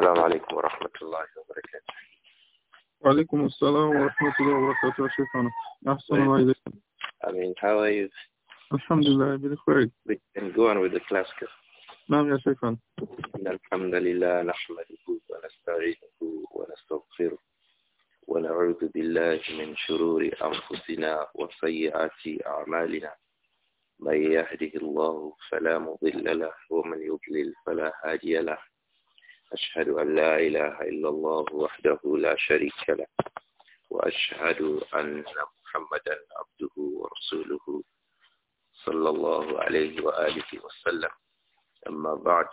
السلام عليكم ورحمة الله وبركاته وعليكم السلام ورحمة الله وبركاته شيخنا أحسن الله إليك أمين how are you الحمد لله بخير and go on with the class نعم يا شيخنا إن الحمد لله نحمده ونستعينه ونستغفره ونعوذ بالله من شرور أنفسنا وسيئات أعمالنا من يهده الله فلا مضل له ومن يضلل فلا هادي له أشهد أن لا إله إلا الله وحده لا شريك له وأشهد أن محمدا عبده ورسوله صلى الله عليه وآله وسلم أما بعد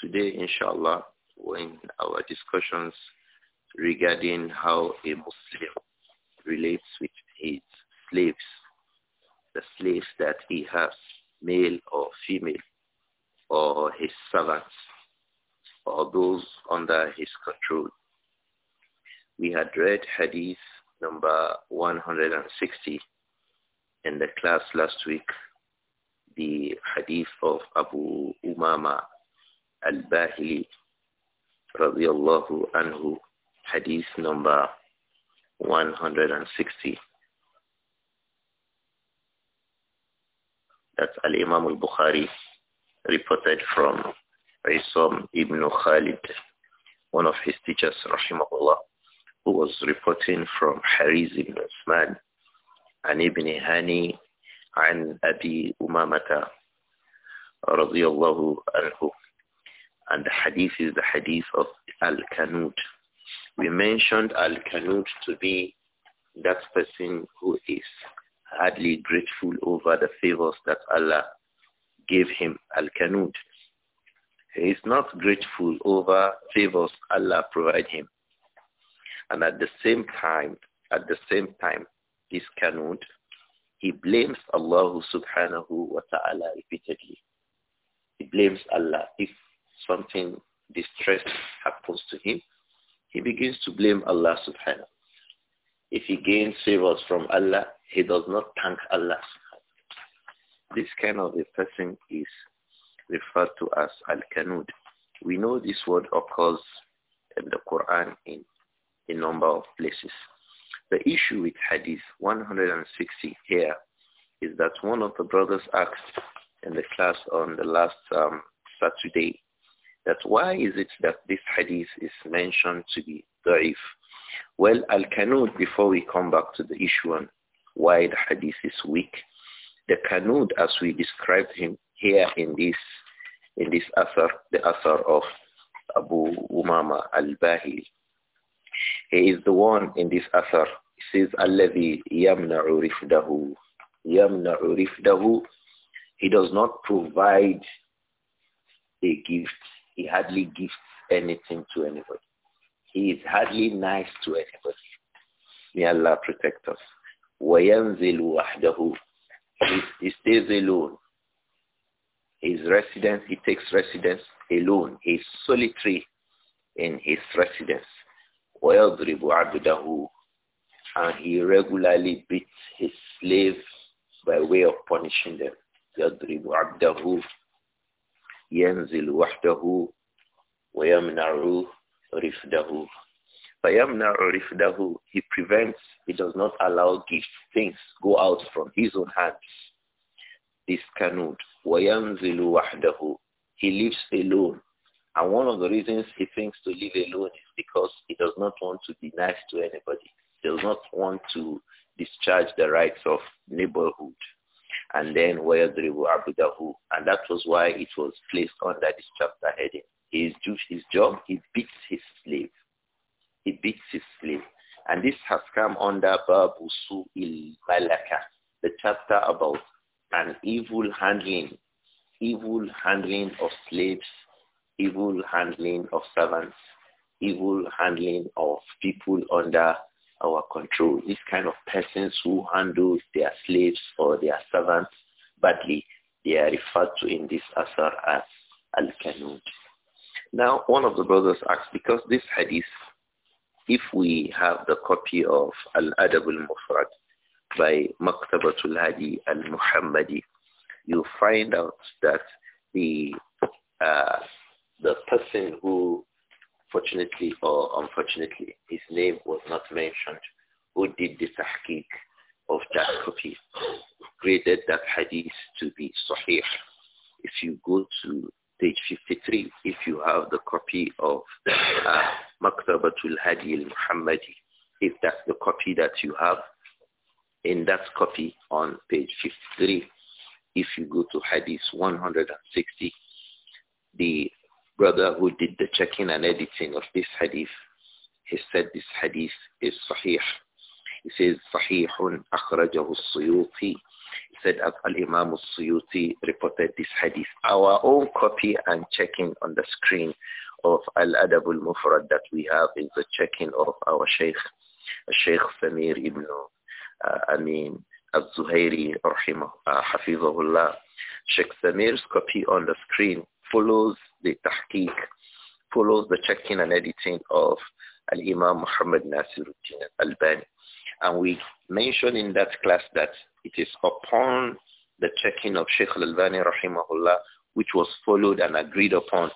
Today, inshallah, we're in our discussions regarding how a Muslim relates with his slaves, the slaves that he has, male or female, or his servants or those under his control. We had read hadith number 160 in the class last week, the hadith of Abu Umama al-Bahili radiallahu anhu, hadith number 160. That's Al-Imam al-Bukhari reported from Isam ibn Khalid, one of his teachers, rahimahullah, who was reporting from Hariz ibn Usman and Ibn Hani عن أبي أمامة رضي الله عنه and the hadith is the hadith of Al-Kanud. We mentioned Al-Kanud to be that person who is hardly grateful over the favors that Allah gave him. Al-Kanud, he is not grateful over favors Allah provide him. And at the same time, at the same time, he cannot. he blames Allah subhanahu wa ta'ala repeatedly. He blames Allah. If something distress happens to him, he begins to blame Allah subhanahu. If he gains favors from Allah, he does not thank Allah. This kind of a person is referred to as Al-Kanud. We know this word occurs in the Quran in a number of places. The issue with Hadith 160 here is that one of the brothers asked in the class on the last um, Saturday that why is it that this Hadith is mentioned to be da'if? Well, Al-Kanud, before we come back to the issue on why the Hadith is weak, the Kanud, as we described him, here in this in this asar, the asar of Abu Umama al-Bahili. He is the one in this asar. He says, "Alladhi yamna urifdahu, yamna urifdahu." He does not provide a gift. He hardly gives anything to anybody. He is hardly nice to anybody. May Allah protect us. وَيَنْزِلُ وَحْدَهُ He stays alone. His residence, he takes residence alone. He is solitary in his residence. And he regularly beats his slaves by way of punishing them. يَضْرِبُ عَبْدَهُ يَنْزِلُ وَحْدَهُ وَيَمْنَعُ رِفْدَهُ فَيَمْنَعُ رِفْدَهُ He prevents, he does not allow gifts, things go out from his own hands is Kanud. He lives alone. And one of the reasons he thinks to live alone is because he does not want to be nice to anybody. He does not want to discharge the rights of neighborhood. And then وَيَضْرِبُ عَبْدَهُ And that was why it was placed under this chapter heading. is His, his job, he beats his slave. He beats his slave. And this has come under Babu Su'il Malaka, the chapter about an evil handling, evil handling of slaves, evil handling of servants, evil handling of people under our control. These kind of persons who handle their slaves or their servants badly, they are referred to in this asar as al-kanud. Now, one of the brothers asked, because this hadith, if we have the copy of Al-Adab al-Mufrad, by Maktabatul Hadi al-Muhammadi, you find out that the uh, the person who, fortunately or unfortunately, his name was not mentioned, who did the tahqiq of that copy, graded that hadith to be sahih. If you go to page 53, if you have the copy of uh, Maktabatul Hadi al-Muhammadi, if that's the copy that you have, in that copy on page 53, if you go to Hadith 160, the brother who did the checking and editing of this Hadith, he said this Hadith is Sahih. He says, Sahihun akhrajahu suyuti. He said, Al-Imam al-Suyuti reported this Hadith. Our own copy and checking on the screen of Al-Adab al-Mufrad that we have is the checking of our Sheikh, Sheikh Samir ibn uh, I mean, Al-Zuhairi, or uh, Hafizahullah. Sheikh Samir's copy on the screen follows the tahqiq, follows the checking and editing of Al-Imam Muhammad Nasiruddin Al-Albani. And we mentioned in that class that it is upon the checking of Sheikh Al-Albani rahimahullah, which was followed and agreed upon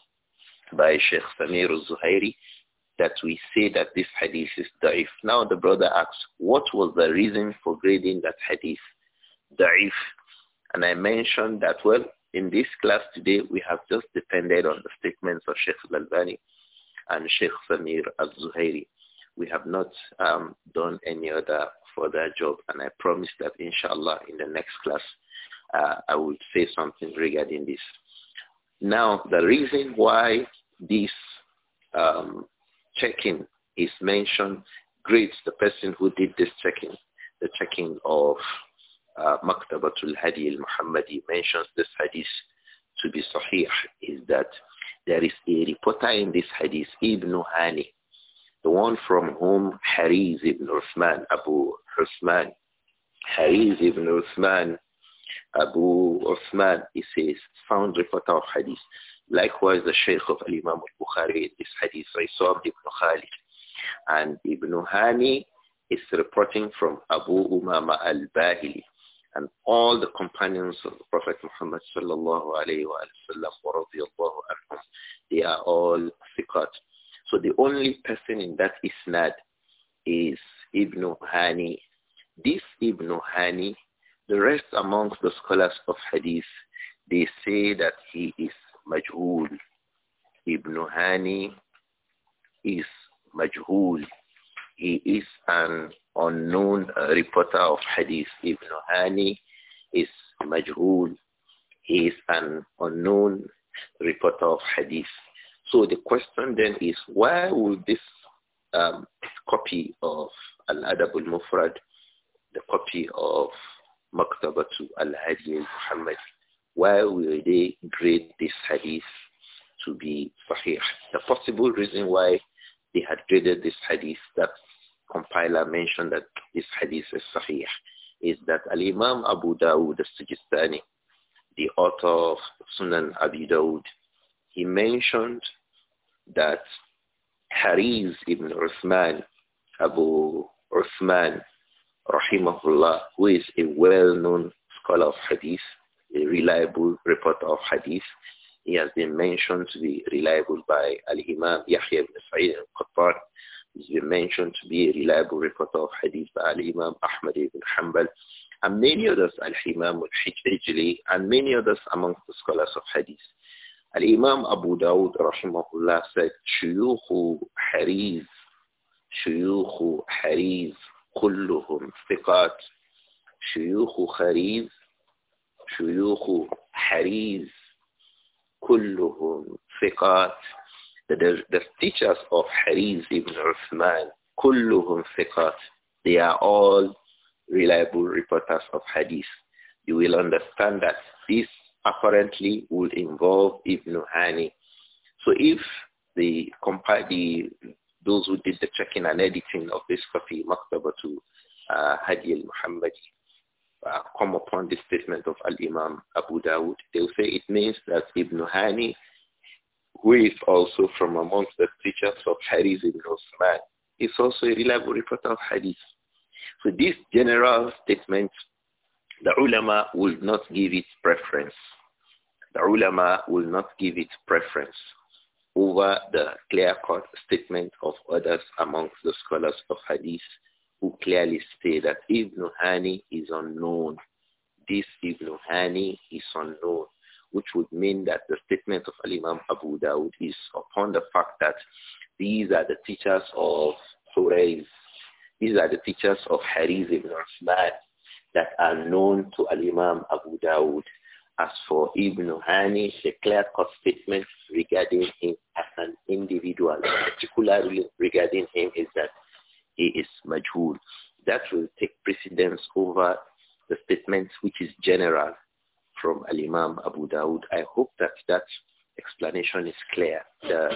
by Sheikh Samir al-Zuhairi that we say that this hadith is da'if. Now the brother asks, what was the reason for grading that hadith da'if? And I mentioned that, well, in this class today, we have just depended on the statements of Sheikh Al-Albani and Sheikh Samir Al-Zuhairi. We have not um, done any other further job, and I promise that, inshallah, in the next class, uh, I will say something regarding this. Now, the reason why this um, checking is mentioned, greets the person who did this checking. The checking of uh, Maktabatul Hadi al-Muhammadi mentions this hadith to be sahih is that there is a reporter in this hadith, Ibn Hani, the one from whom Hariz ibn Uthman, Abu Uthman, Hariz ibn Uthman, Abu Uthman is says found reporter of hadith. Likewise, the Shaykh of Imam al-Bukhari in this hadith, Isam ibn Khalid. And Ibn Hani is reporting from Abu Umama al-Bahili. And all the companions of the Prophet Muhammad sallallahu alayhi wa sallam wa anhum, they are all thiqat. So the only person in that isnad is Ibn Hani. This Ibn Hani, the rest amongst the scholars of hadith, they say that he is majhul. Ibn Hani is majhul. He is an unknown reporter of hadith. Ibn Hani is majhul. He is an unknown reporter of hadith. So the question then is, why would this um, copy of Al-Adab al-Mufrad, the copy of Maktabatu al-Hadi al-Muhammadi, why will they grade this hadith to be sahih? The possible reason why they had graded this hadith that compiler mentioned that this hadith is sahih is that Al-Imam Abu Dawud al-Sijistani, the author of Sunan Abi Dawud, he mentioned that Hariz ibn Uthman, Abu Uthman, rahimahullah, who is a well-known scholar of hadith, a reliable report of hadith. He has been mentioned to be reliable by Al-Imam Yahya ibn Sa'id al-Qattar. He's been mentioned to be a reliable report of hadith by Al-Imam Ahmad ibn Hanbal and many others, Al-Imam al-Hijri and many others amongst the scholars of hadith. Al-Imam Abu Dawud rahimahullah said, شيوخ Hariz, شيوخ Hariz, كلهم ثقات شيوخ Hariz. حريز كلهم ثقات the, the teachers of Hariz ibn Uthman كلهم ثقات they are all reliable reporters of hadith you will understand that this apparently would involve Ibn Hani so if the, the those who did the checking and editing of this copy, Maktabatu uh, Hadi al-Muhammadi, uh, come upon the statement of Al-Imam Abu Dawud, they'll say it means that Ibn Hani, who is also from amongst the teachers of Hadith ibn Osman, is also a reliable reporter of Hadith. So this general statement, the ulama will not give it preference. The ulama will not give it preference over the clear-cut statement of others amongst the scholars of Hadith who clearly state that Ibn Hani is unknown. This Ibn Hani is unknown, which would mean that the statement of Alimam imam Abu Dawud is upon the fact that these are the teachers of Hurayz. These are the teachers of Hariz ibn Uthman that are known to Alimam imam Abu Dawud. As for Ibn Hani, the clear-cut statement regarding him as an individual, particularly regarding him, is that he is majhul. That will take precedence over the statement which is general from Al-Imam Abu Dawud. I hope that that explanation is clear. The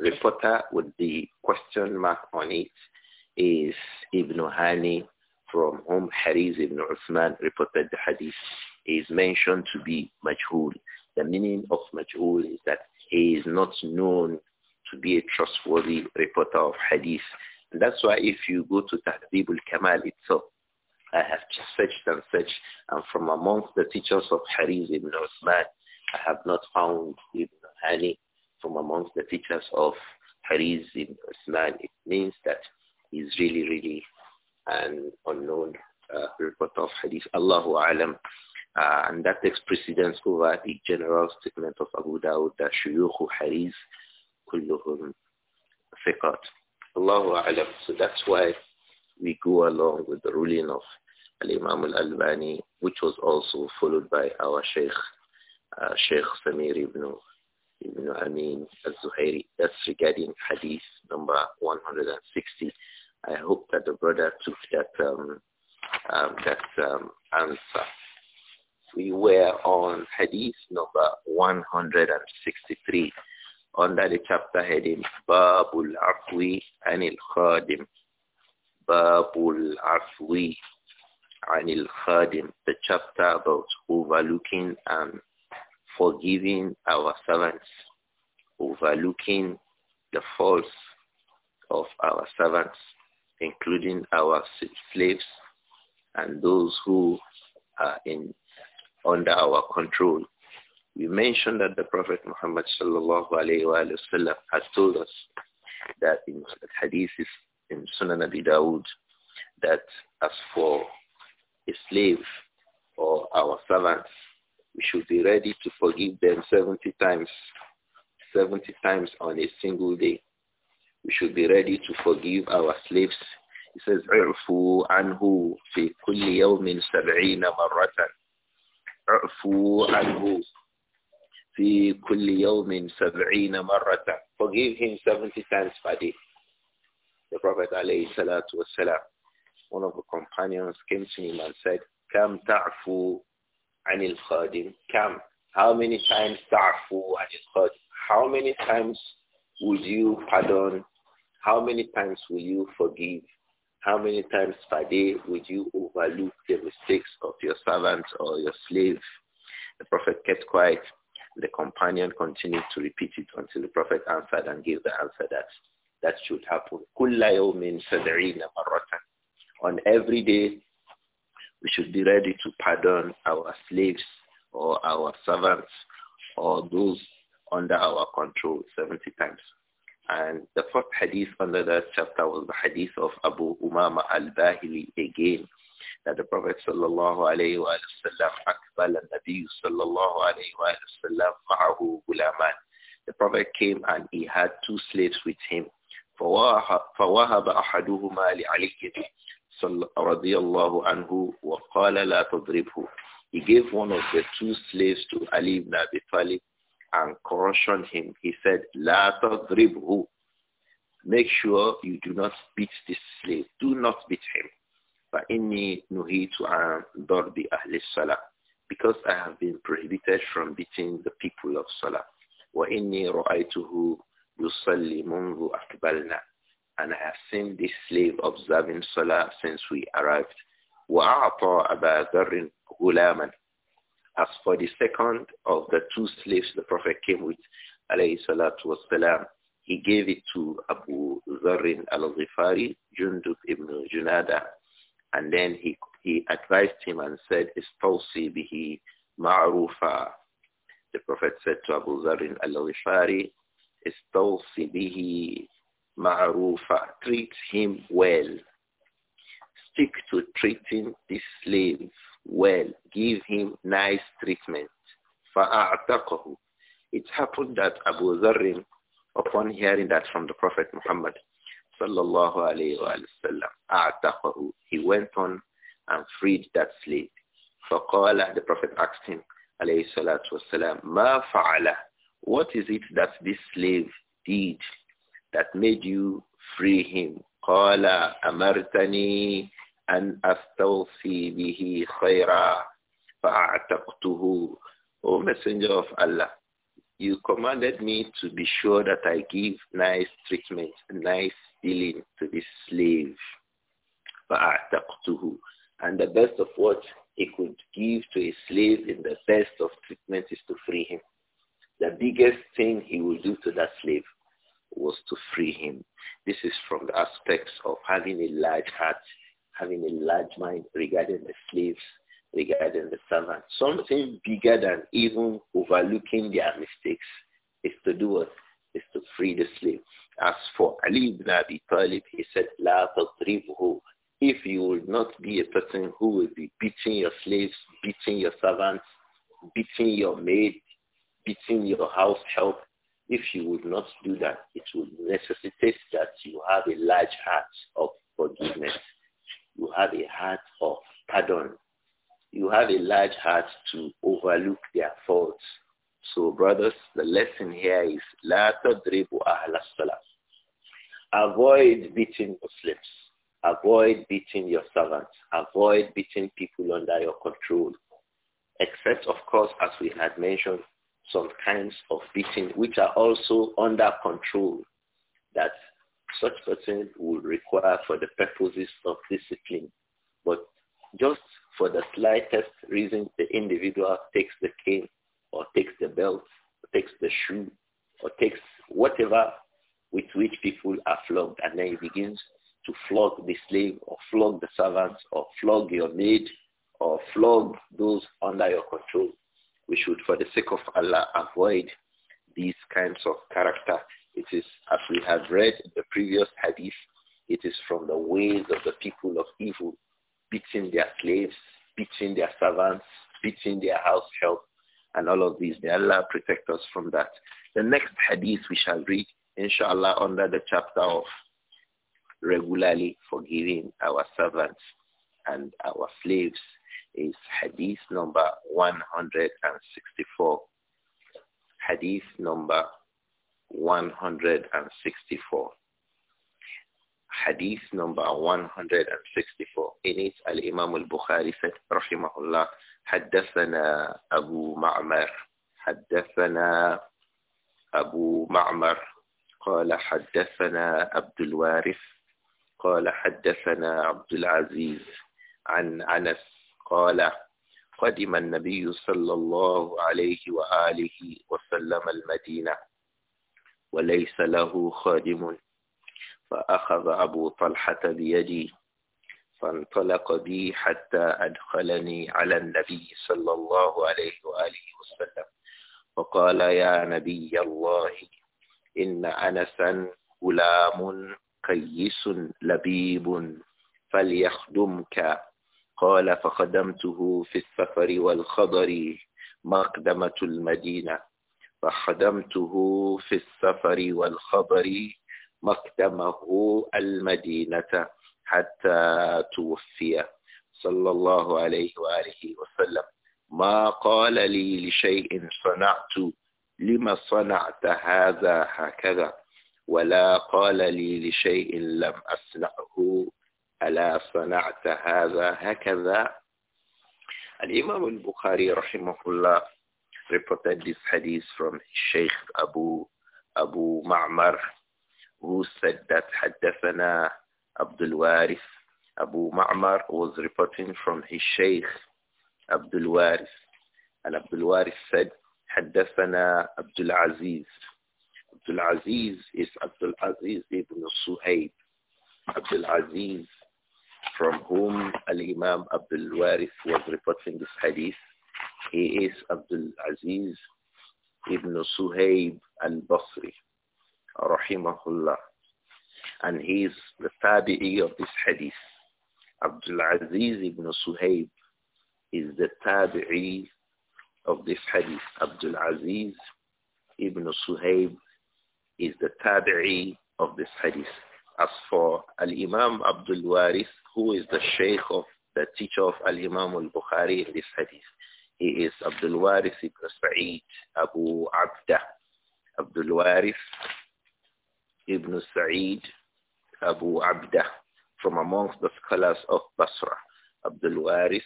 reporter with the question mark on it is Ibn Hani from whom Hariz ibn Uthman reported the hadith. is mentioned to be majhul. The meaning of majhul is that he is not known to be a trustworthy reporter of hadith. And that's why if you go to Tahdib al-Kamal itself, I have searched and searched, and from amongst the teachers of Hariz ibn Uthman, I have not found Ibn Hani from amongst the teachers of Hariz ibn Uthman. It means that he's really, really an unknown uh, report of Hadith. Allahu Alam. Uh, and that takes precedence over the general statement of Abu Dawud that Shuyukhu Hariz kulluhum fiqat. Allahu A'lam. So that's why we go along with the ruling of Al-Imam Al-Albani, which was also followed by our Sheikh, uh, Sheikh Samir ibn, ibn Amin al-Zuhairi. That's regarding Hadith number 160. I hope that the brother took that, um, um, that um, answer. We were on Hadith number 163 under the chapter heading Babul Afwi Anil Khadim. Babul Afwi Anil Khadim. The chapter about overlooking and forgiving our servants. Overlooking the faults of our servants, including our slaves and those who are in under our control we mentioned that the Prophet Muhammad sallallahu alayhi wa sallam has told us that in hadith is in Sunan Abi Dawud that as for a slave or our servants, we should be ready to forgive them 70 times, 70 times on a single day. We should be ready to forgive our slaves. He says, "Irfu anhu fi kulli yawmin sab'ina marratan." في كل يوم سبعين مرة forgive him 70 times per day the Prophet عليه الصلاة والسلام one of the companions came to him and said كم تعفو عن الخادم كم how many times تعفو عن الخادم how many times would you pardon how many times will you forgive how many times per day would you overlook the mistakes of your servant or your slave the Prophet kept quiet the companion continued to repeat it until the Prophet answered and gave the answer that that should happen. On every day, we should be ready to pardon our slaves or our servants or those under our control 70 times. And the fourth hadith under that chapter was the hadith of Abu Umama al-Bahili again that the Prophet sallallahu alayhi wa sallam akbal al-Nabi sallallahu alayhi wa sallam ma'ahu gulaman. The Prophet came and he had two slaves with him. فوهب أحدهما لعلي رضي الله عنه وقال لا تضربه. He gave one of the two slaves to Ali ibn Abi Talib and cautioned him. He said, لا تضربه. Make sure you do not beat this slave. Do not beat him. فَإِنِّي نُهِيتُ عَنْ ضَرْبِ أَهْلِ الصَّلَةِ Because I have been prohibited from beating the people of Salah. وَإِنِّي رَأَيْتُهُ يُصَلِّ مُنْذُ أَقْبَلْنَا And I have seen this slave observing Salah since we arrived. وَأَعْطَى أَبَا ذَرٍ غُلَامًا As for the second of the two slaves the Prophet came with, alayhi salatu wasalam, he gave it to Abu Zarrin al-Ghifari, Jundub ibn Junada, and then he, he advised him and said, Istawsi bihi ma'rufa. The Prophet said to Abu Zarin al-Ghifari, Istawsi bihi ma'rufa. Treat him well. Stick to treating this slave well. Give him nice treatment. فَأَعْتَقَهُ It happened that Abu Zarin, upon hearing that from the Prophet Muhammad, sallallahu alayhi wa sallam, he went on and freed that slave. فقال, the Prophet asked him, alayhi salatu wasalam, ما فعل? What is it that this slave did that made you free him? قال, أمرتني أن أستوصي به خيرا فأعتقته. O Messenger of Allah, you commanded me to be sure that I give nice treatment, nice dealing to be slave. And the best of what he could give to a slave in the best of treatment is to free him. The biggest thing he will do to that slave was to free him. This is from the aspects of having a large heart, having a large mind regarding the slaves, regarding the servants. Something bigger than even overlooking their mistakes is to do what? Is to free the slave. As for Ali ibn Abi Talib, he said, La tadribhu. If you will not be a person who will be beating your slaves, beating your servants, beating your maid, beating your house help, if you would not do that, it will necessitate that you have a large heart of forgiveness. You have a heart of pardon. You have a large heart to overlook their faults. So brothers, the lesson here is, لا تضربوا أهل الصلاة Avoid beating Muslims. Avoid beating your servants. Avoid beating people under your control. Except, of course, as we had mentioned, some kinds of beating which are also under control that such person will require for the purposes of discipline. But just for the slightest reason, the individual takes the cane or takes the belt or takes the shoe or takes whatever with which people are flogged. And then he begins to flog the slave or flog the servants or flog your maid or flog those under your control. We should, for the sake of Allah, avoid these kinds of character. It is, as we have read in the previous hadith, it is from the ways of the people of evil, beating their slaves, beating their servants, beating their house help, and all of these. May Allah protect us from that. The next hadith we shall read inshallah, under the chapter of regularly forgiving our servants and our slaves is hadith number 164. Hadith number 164. Hadith number 164. In it, Al-Imam al-Bukhari said, Rahimahullah, حدثنا أبو معمر حدثنا أبو معمر قال حدثنا عبد الوارث قال حدثنا عبد العزيز عن أنس قال قدم النبي صلى الله عليه وآله وسلم المدينة وليس له خادم فأخذ أبو طلحة بيدي فانطلق بي حتى أدخلني على النبي صلى الله عليه وآله وسلم فقال يا نبي الله إن أنسا غلام قيس لبيب فليخدمك قال فخدمته في السفر والخضر مقدمة المدينة فخدمته في السفر والخضر مقدمه المدينة حتى توفي صلى الله عليه وآله وسلم ما قال لي لشيء صنعت لما صنعت هذا هكذا ولا قال لي لشيء لم أصنعه ألا صنعت هذا هكذا الإمام البخاري رحمه الله reported this hadith from Sheikh Abu Abu Ma'mar who said that حدثنا عبد الوارث Abu Ma'mar was reporting from his Sheikh Abdul Waris and Abdul Waris said حدثنا عبد العزيز عبد العزيز is عبد العزيز ibn Suhaib عبد العزيز from whom Al-Imam Abdul Warif was reporting this hadith he is Abdul Aziz ibn Suhaib al-Basri rahimahullah and he is the tabi'i of this hadith Abdul Aziz ibn Suhaib is the tabi'i of this hadith, Abdul Aziz ibn Suhaib is the tabi'i of this hadith. As for Al-Imam Abdul Waris, who is the sheikh of the teacher of Al-Imam Al-Bukhari in this hadith, he is Abdul Waris ibn Sa'id Abu Abda. Abdul Waris ibn Sa'id Abu Abda from amongst the scholars of Basra. Abdul Waris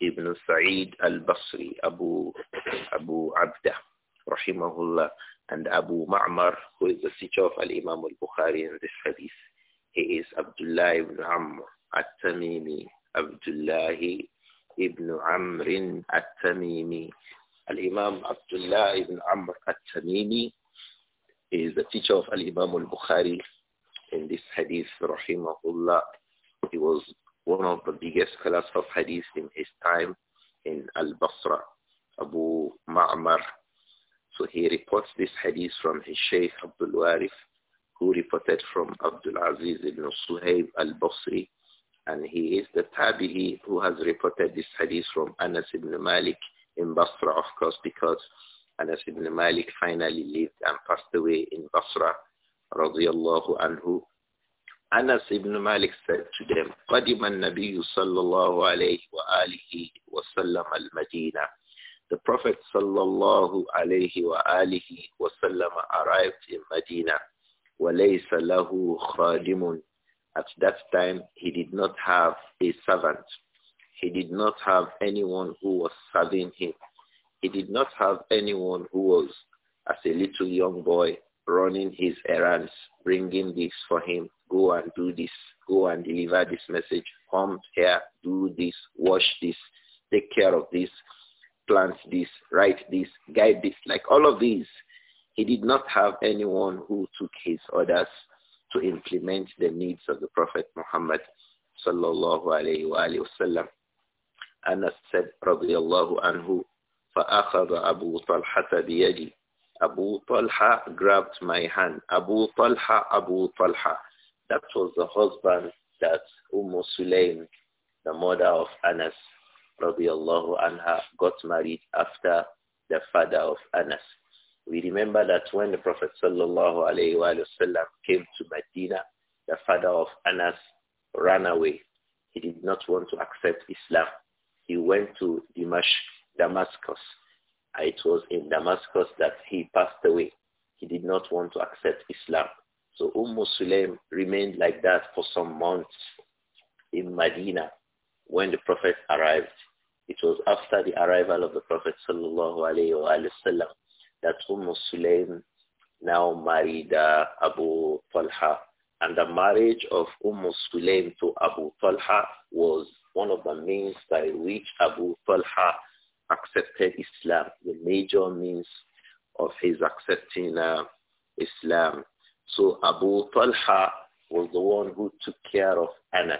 Ibn Sa'id al-Basri, Abu, Abu Abda, rahimahullah, and Abu Ma'mar, who is the teacher of Al-Imam al-Bukhari in this hadith. He is Abdullah ibn Amr at-Tamimi, Abdullah ibn Amr at-Tamimi. Al-Imam Abdullah ibn Amr at-Tamimi is the teacher of Al-Imam al-Bukhari in this hadith, rahimahullah. He was one of the biggest scholars of hadith in his time in Al-Basra, Abu Ma'mar. So he reports this hadith from his Shaykh Abdul Warif, who reported from Abdul Aziz ibn Suhaib al-Basri, and he is the Tabi'i who has reported this hadith from Anas ibn Malik in Basra, of course, because Anas ibn Malik finally lived and passed away in Basra, radiallahu anhu, Anas ibn Malik said to them, قَدِمَ النَّبِيُّ صَلَّى اللَّهُ عَلَيْهِ وَآلِهِ The Prophet sallallahu alayhi wa alihi wa sallam arrived in Medina. وَلَيْسَ لَهُ خَادِمٌ At that time, he did not have a servant. He did not have anyone who was serving him. He did not have anyone who was, as a little young boy, running his errands, bringing this for him, go and do this, go and deliver this message, come here, do this, wash this, take care of this, plant this, write this, guide this, like all of these. He did not have anyone who took his orders to implement the needs of the Prophet Muhammad sallallahu alayhi wa alayhi wasallam. Anas said, رضي الله عنه فَأَخَذَ أَبُو طَلْحَةَ بِيَدِي Abu Talha grabbed my hand. Abu Talha, Abu Talha. That was the husband that Umm Sulaim, the mother of Anas, radiallahu anha, got married after the father of Anas. We remember that when the Prophet sallallahu alayhi wa came to Medina, the father of Anas ran away. He did not want to accept Islam. He went to Dimash, Damascus. It was in Damascus that he passed away. He did not want to accept Islam. So Umm Sulaim remained like that for some months in Medina when the Prophet arrived. It was after the arrival of the Prophet sallallahu that Umm Sulaim now married uh, Abu Talha. And the marriage of Umm Sulaim to Abu Talha was one of the means by which Abu Talha accepted Islam, the major means of his accepting uh, Islam. So Abu Talha was the one who took care of Anas.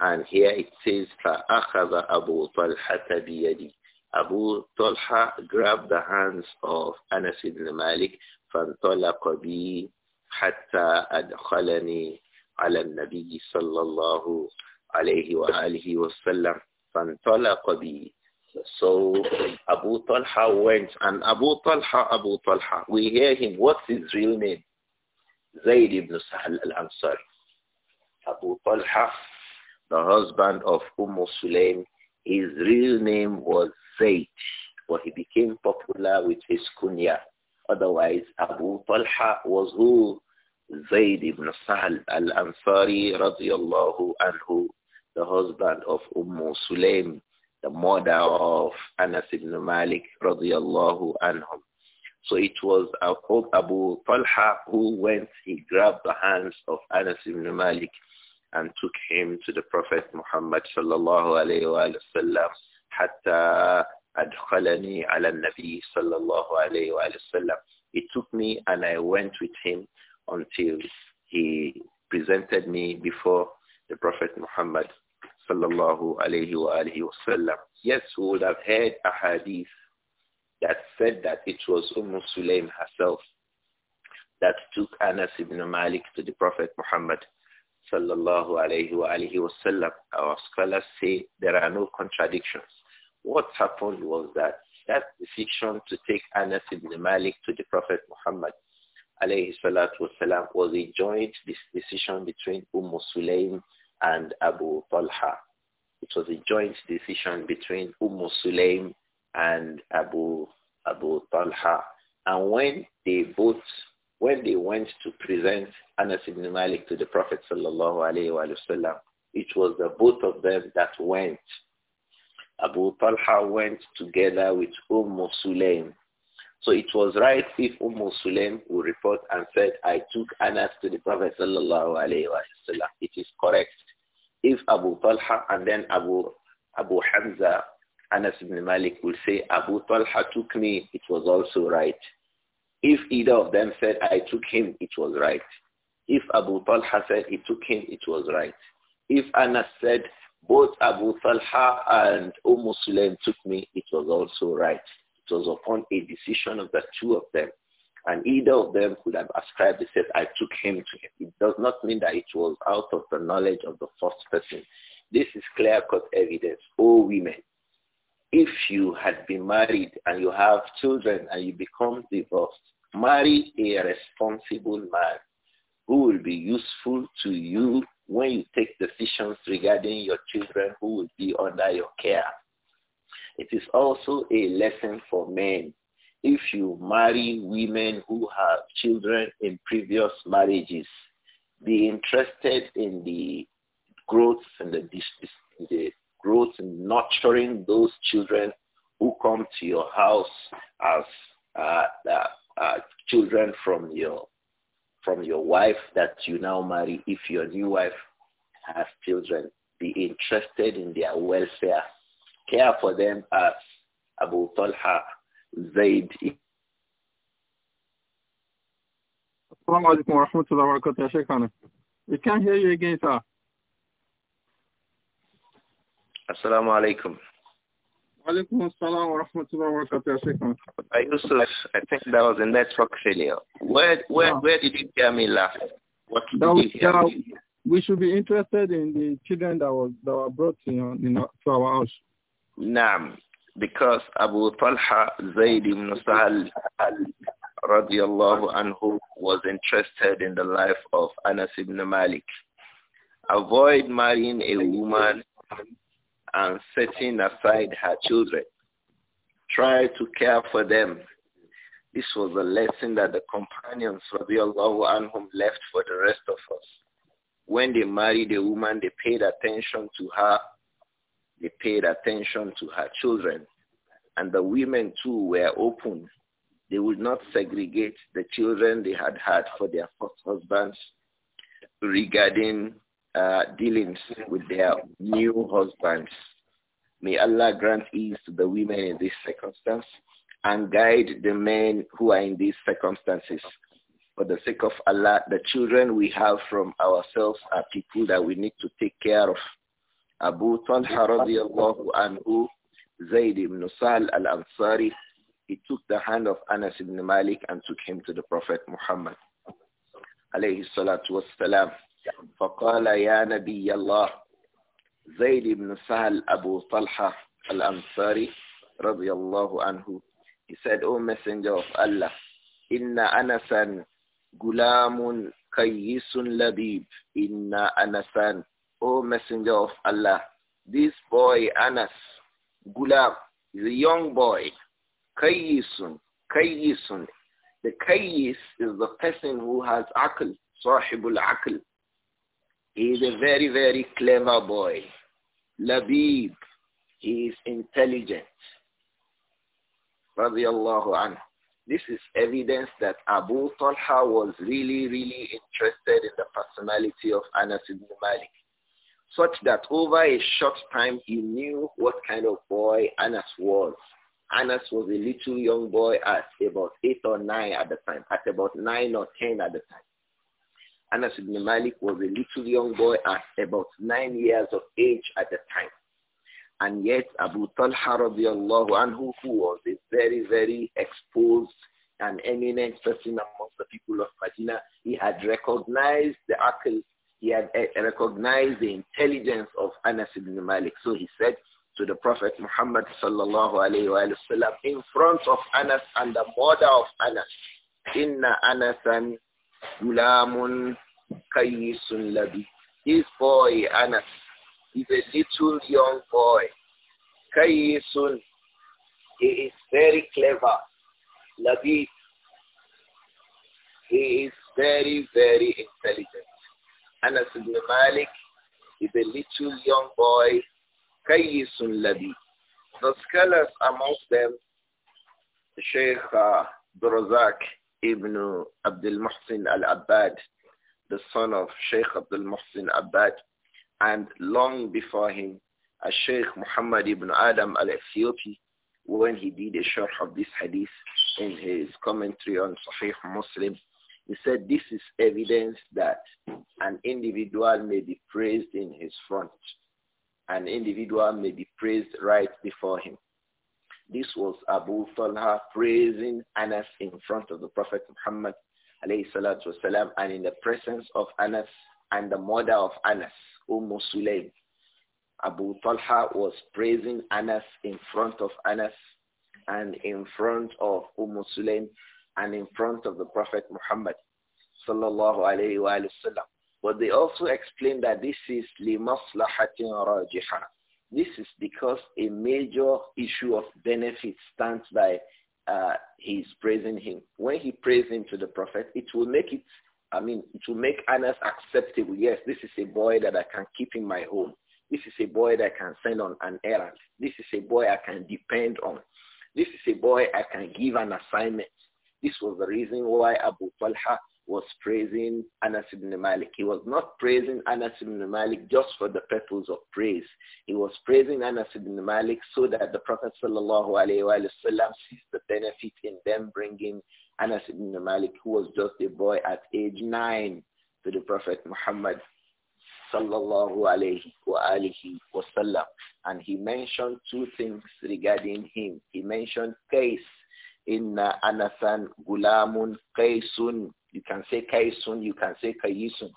And here it says, فَأَخَذَ أَبُو طَلْحَةَ بِيَدِي Abu Talha grabbed the hands of Anas ibn Malik, فَانْطَلَقَ بِي حَتَّى أَدْخَلَنِي على النبي صلى الله عليه وآله وسلم فانطلق بي So Abu Talha went and Abu Talha, Abu Talha, we hear him, what's his real name? Zayd ibn Sahal al-Ansari. Abu Talha, the husband of Umm Sulaim, his real name was Zaid, but he became popular with his kunya. Otherwise, Abu Talha was who? Zayd ibn Sahal al-Ansari radiyallahu anhu, the husband of Umm Sulaim, the mother of Anas ibn Malik radiyallahu anhum. So it was uh, Abu Talha who went, he grabbed the hands of Anas ibn Malik and took him to the Prophet Muhammad sallallahu alayhi wa sallam حتى أدخلني على النبي صلى الله took me and I went with him until he presented me before the Prophet Muhammad sallallahu alayhi wa Yes, we would have heard a hadith that said that it was Umm Sulaim herself that took Anas ibn Malik to the Prophet Muhammad sallallahu alayhi wa wasallam. Our scholars say there are no contradictions. What happened was that that decision to take Anas ibn Malik to the Prophet Muhammad alayhi salatu wasalam was a joint decision between Umm Sulaim and Abu Talha. It was a joint decision between Umm Sulaim and Abu Abu Talha. And when they both, when they went to present Anas ibn Malik to the Prophet sallallahu alaihi wasallam, it was the both of them that went. Abu Talha went together with Umm Sulaim. So it was right if Umm Sulaim would report and said, I took Anas to the Prophet sallallahu alaihi wasallam. It is correct. If Abu Talha and then Abu Abu Hamza Anas ibn Malik would say, Abu Talha took me, it was also right. If either of them said, I took him, it was right. If Abu Talha said, he took him, it was right. If Anas said, both Abu Talha and Umm Sulaim took me, it was also right. It was upon a decision of the two of them. And either of them could have ascribed, they said, I took him to him. It does not mean that it was out of the knowledge of the first person. This is clear-cut evidence. All women, if you had been married and you have children and you become divorced, marry a responsible man who will be useful to you when you take decisions regarding your children who will be under your care. It is also a lesson for men. If you marry women who have children in previous marriages, be interested in the growth and the, the growth in nurturing those children who come to your house as uh, uh, uh, children from your from your wife that you now marry. If your new wife has children, be interested in their welfare. Care for them as Abu Talha Zaid. wa We can't hear you again, sir. السلام عليكم وعليكم السلام wa الله وبركاته يا I think that was a network failure. Where, where, ah. where did you hear me last? What did that you hear that, me? We should be interested in the children that was that were brought in, to our house. Naam, because Abu Talha Zayd ibn Sa'al radiallahu anhu was interested in the life of Anas ibn Malik. Avoid marrying a woman and setting aside her children. Try to care for them. This was a lesson that the companions, of the radiallahu whom left for the rest of us. When they married a woman, they paid attention to her. They paid attention to her children. And the women too were open. They would not segregate the children they had had for their first husbands regarding uh, dealings with their new husbands. May Allah grant ease to the women in this circumstance and guide the men who are in these circumstances. For the sake of Allah, the children we have from ourselves are people that we need to take care of. Abu Talha radiallahu anhu, Zayd ibn Sal al-Ansari, he took the hand of Anas ibn Malik and took him to the Prophet Muhammad alayhi salatu فقال يا نبي الله زيد بن سهل أبو طلحة الأنصاري رضي الله عنه he said O messenger of Allah إن أنسا غلام كيس لبيب إن أنسا O messenger of Allah this boy Anas gulam is a young boy كيس كيس the kayis is the person who has akal sahibul akal he is a very, very clever boy. Labib. He is intelligent. Radiallahu anhu. This is evidence that Abu Talha was really, really interested in the personality of Anas ibn Malik, such that over a short time he knew what kind of boy Anas was. Anas was a little young boy at about eight or nine at the time, at about nine or ten at the time. Anas ibn Malik was a little young boy at about nine years of age at the time. And yet Abu Talha radiallahu anhu, who was a very, very exposed and eminent person amongst the people of Medina, he had recognized the akil, he had eh, recognized the intelligence of Anas ibn Malik. So he said to the Prophet Muhammad sallallahu alayhi wa sallam in front of Anas and the mother of Anas, Inna Anasan Gulamun Kayisun Labi. This boy, Anas, is a little young boy. Kayisun, he is very clever. Labi, he is very, very intelligent. Anas ibn Malik is a little young boy. Kayisun Labi. The scholars amongst them, Sheikh uh, Ibn Abdul Muhsin al-Abbad, the son of Sheikh Abdul Muhsin Abbad, and long before him, a Sheikh Muhammad ibn Adam al-Ethiopi, when he did a short of this hadith in his commentary on Sahih Muslim, he said this is evidence that an individual may be praised in his front. An individual may be praised right before him. This was Abu Talha praising Anas in front of the Prophet Muhammad والسلام, and in the presence of Anas and the mother of Anas, Umm Sulaim. Abu Talha was praising Anas in front of Anas and in front of Umm Sulaim and in front of the Prophet Muhammad sallallahu alayhi wa But they also explained that this is لِمَصْلَحَةٍ رَاجِحَةٍ this is because a major issue of benefit stands by uh, his praising him. When he prays him to the prophet, it will make it, I mean, it will make Anas acceptable. Yes, this is a boy that I can keep in my home. This is a boy that I can send on an errand. This is a boy I can depend on. This is a boy I can give an assignment. This was the reason why Abu Talha was praising Anas ibn Malik. He was not praising Anas ibn Malik just for the purpose of praise. He was praising Anas ibn Malik so that the Prophet wasallam sees the benefit in them bringing Anas ibn Malik, who was just a boy at age nine, to the Prophet Muhammad sallallahu alaihi wa alihi wasallam. And he mentioned two things regarding him. He mentioned case. إن أنسا غلام قيس you can say kaisun, you can say kayisun.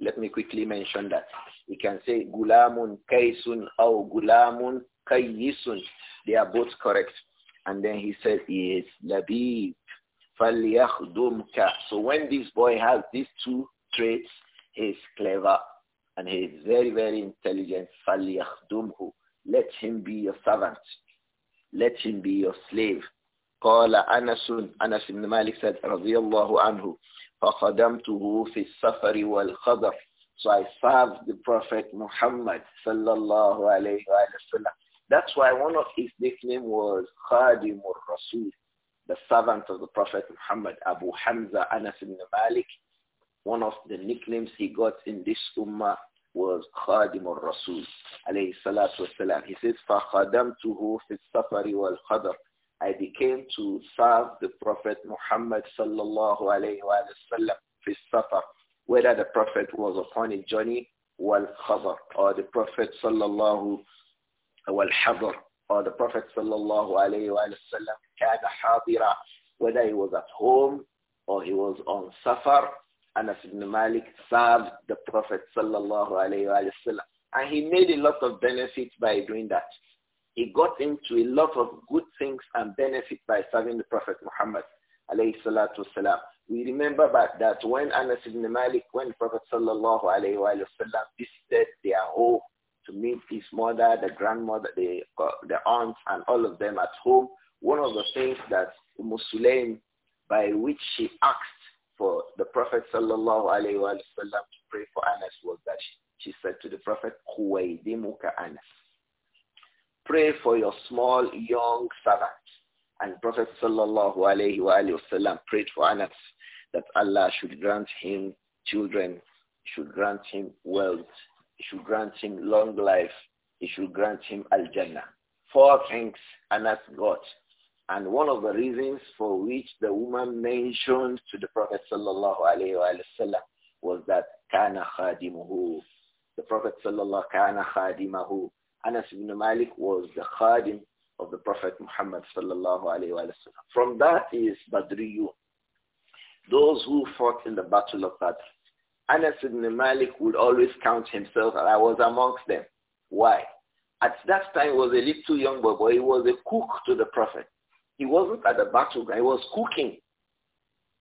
Let me quickly mention that. You can say gulamun kaisun or gulamun kayisun. They are both correct. And then he said, he is labib, falyakhdumka. So when this boy has these two traits, he is clever and he is very, very intelligent. Falyakhdumhu. Let him be your servant. Let him be your slave. قال أنس أنس بن مالك said رضي الله عنه فخدمته في السفر والخضر So I served the Prophet Muhammad sallallahu alayhi wa sallam. That's why one of his nickname was خادم الرسول, the servant of the Prophet Muhammad, Abu Hamza Anas ibn Malik. One of the nicknames he got in this ummah was خادم الرسول عليه salatu wasalam. He says, فَخَدَمْتُهُ فِي السَّفَرِ وَالْخَدَرِ I became to serve the Prophet Muhammad sallallahu alayhi wa sallam whether the Prophet was upon a journey wal khabar or the Prophet sallallahu wal hadar or the Prophet sallallahu alayhi wa sallam kana hadira whether he was at home or he was on safar Anas ibn Malik served the Prophet sallallahu alayhi wa sallam and he made a lot of benefits by doing that he got into a lot of good things and benefit by serving the Prophet Muhammad We remember back that when Anas ibn Malik, when the Prophet sallallahu alayhi wa sallam visited their home to meet his mother, the grandmother, the, uh, the and all of them at home, one of the things that Musulaim, umm by which she asked for the Prophet sallallahu alayhi wa sallam to pray for Anas was that she, she said to the Prophet, Anas Pray for your small young servant. And Prophet sallallahu alayhi wa, sallam, prayed for Anas that Allah should grant him children, should grant him wealth, should grant him long life, he should grant him al-Jannah. Four things Anas got. And one of the reasons for which the woman mentioned to the Prophet sallallahu alayhi wa sallam, was that kana khadimuhu. The Prophet sallallahu kana khadimahu. Anas ibn Malik was the khadim of the Prophet Muhammad sallallahu alayhi wa From that is Badriyu, those who fought in the Battle of Badr. Anas ibn Malik would always count himself, and I was amongst them. Why? At that time, he was a little young boy, but he was a cook to the Prophet. He wasn't at the battleground, he was cooking.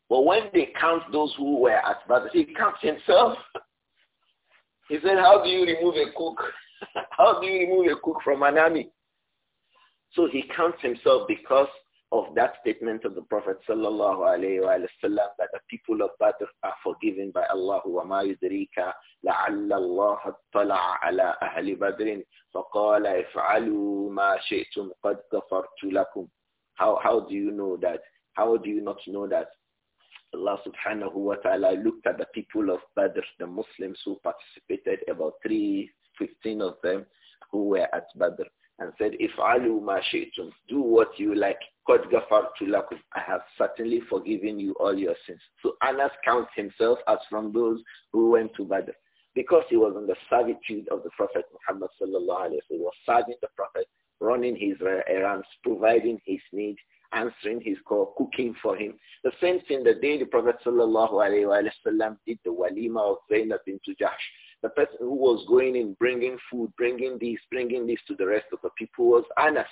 But when they count those who were at Badr, he counts himself. He said, how do you remove a cook How do you remove a cook from an army? So he counts himself because of that statement of the Prophet sallallahu alayhi wa sallam that the people of Badr are forgiven by Allah wa ma yudrika la'alla Allah attala'a ala ahli badrin faqala if'alu ma shi'tum qad ghafartu lakum. How, how do you know that? How do you not know that? Allah subhanahu wa ta'ala looked at the people of Badr, the Muslims who participated, about three 15 of them who were at Badr and said, If alu ma do what you like. Qad ghafartu lakum. I have certainly forgiven you all your sins. So Anas counts himself as from those who went to Badr because he was in the servitude of the Prophet Muhammad sallallahu alaihi wasallam. He was serving the Prophet, running his errands, providing his needs, answering his call, cooking for him. The same thing the day the Prophet sallallahu wa sallam did the walima of Zainab bin Jahsh the person who was going in bringing food, bringing this, bringing this to the rest of the people was Anas.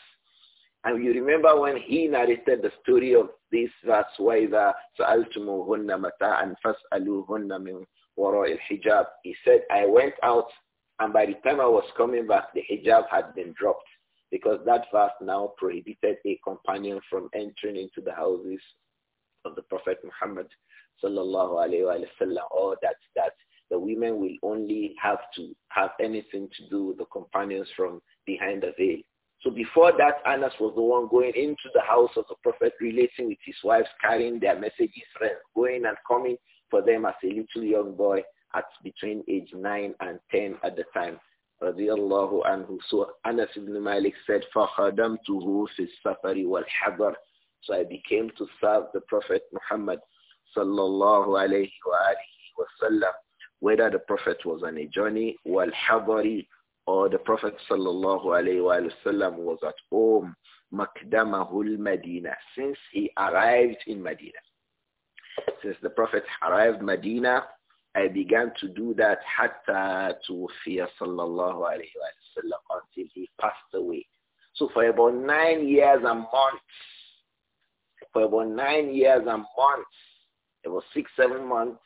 And you remember when he narrated the story of this verse, وَإِذَا سَأَلْتُمُهُنَّ مَتَاعًا فَاسْأَلُوهُنَّ مِنْ وَرَاءِ الْحِجَابِ He said, I went out and by the time I was coming back, the hijab had been dropped because that verse now prohibited a companion from entering into the houses of the Prophet Muhammad sallallahu alayhi wa sallam that's that, that the women will only have to have anything to do with the companions from behind the veil. So before that, Anas was the one going into the house of the prophet, relating with his wives, carrying their messages, going and coming for them as a little young boy at between age 9 and 10 at the time. Radiallahu anhu. So Anas ibn Malik said, فَخَدَمْتُهُ فِي السَّفَرِ وَالْحَضَرِ So I became to serve the Prophet Muhammad sallallahu alayhi wa alihi wa sallam whether the Prophet was on a journey, wal-hadari, or the Prophet sallallahu alaihi was at home, makdamahul Medina, since he arrived in Medina. Since the Prophet arrived Medina, I began to do that hatta tuwfiya sallallahu alayhi wa sallam until he passed away. So for about nine years and months, for about nine years and months, it was six, seven months,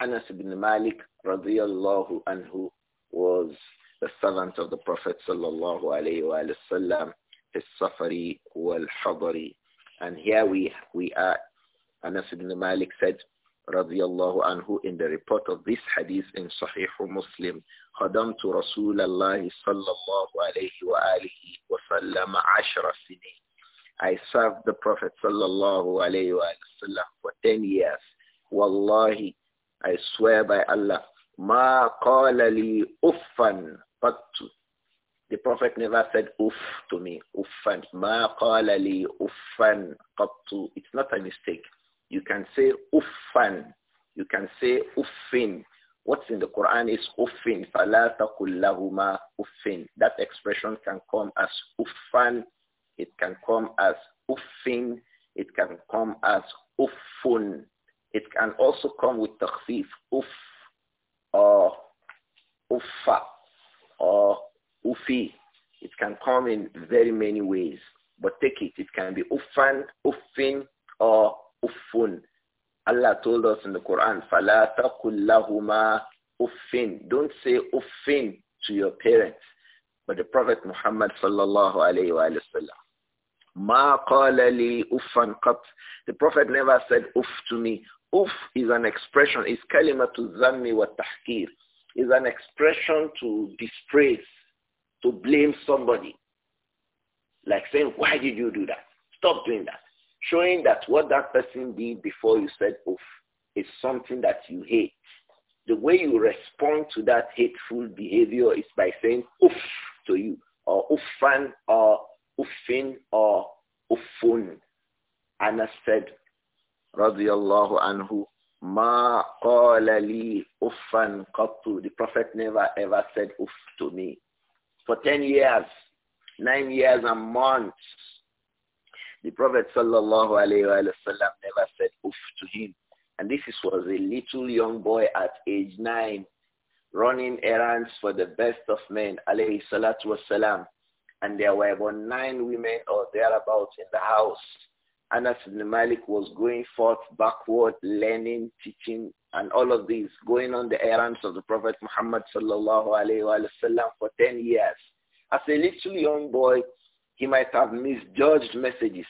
Anas ibn Malik radiallahu anhu was the servant of the Prophet sallallahu alayhi wa sallam, his safari wal hadari. And here we, we are, Anas ibn Malik said, radiallahu anhu, in the report of this hadith in Sahih Muslim, خدمت رسول الله صلى الله عليه وآله وسلم عشر سنين. I served the Prophet صلى الله عليه وآله وسلم for 10 years. والله I swear by Allah, ma li uffan qattu. The Prophet never said uff to me, uffan. Ma li uffan It's not a mistake. You can say uffan. You can say uffin. What's in the Quran is uffin. فَلَا تَقُلْ uffin. That expression can come as uffan. It can come as uffin. It can come as uffun. It can also come with takhfif, uff, or uffa, or ufi. It can come in very many ways. But take it, it can be ufan, ufin, or ufun. Allah told us in the Quran, فَلَا تَقُلْ لَهُمَا uffin. Don't say uffin to your parents. But the Prophet Muhammad sallallahu alayhi wa sallam, Ma li uffan qat. The Prophet never said uff to me. Uff is an expression, is kalimatu zammi wa tahkir. Is an expression to dispraise, to blame somebody. Like saying, why did you do that? Stop doing that. Showing that what that person did before you said uff is something that you hate. The way you respond to that hateful behavior is by saying uff to you or uffan or Uffin or Uffun. Anas said, radiallahu anhu, Ma li uffan The Prophet never ever said uff to me. For 10 years, 9 years and months, the Prophet sallallahu alayhi wa sallam never said uff to him. And this was a little young boy at age 9 running errands for the best of men, alayhi salatu wasalam and there were about nine women or thereabouts in the house. Anas ibn Malik was going forth backward, learning, teaching, and all of these, going on the errands of the Prophet Muhammad sallallahu alayhi wa for 10 years. As a little young boy, he might have misjudged messages,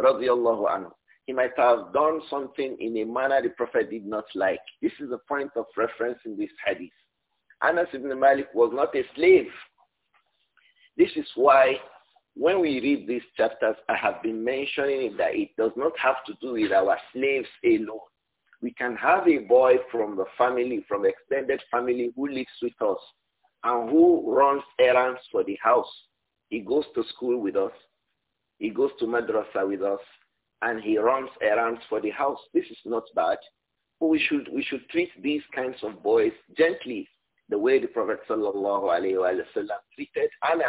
radiallahu anhu. He might have done something in a manner the Prophet did not like. This is the point of reference in this hadith. Anas ibn Malik was not a slave. This is why when we read these chapters, I have been mentioning that it does not have to do with our slaves alone. We can have a boy from the family, from the extended family who lives with us and who runs errands for the house. He goes to school with us. He goes to madrasa with us and he runs errands for the house. This is not bad. But we should, we should treat these kinds of boys gently the way the Prophet sallallahu treated Anas.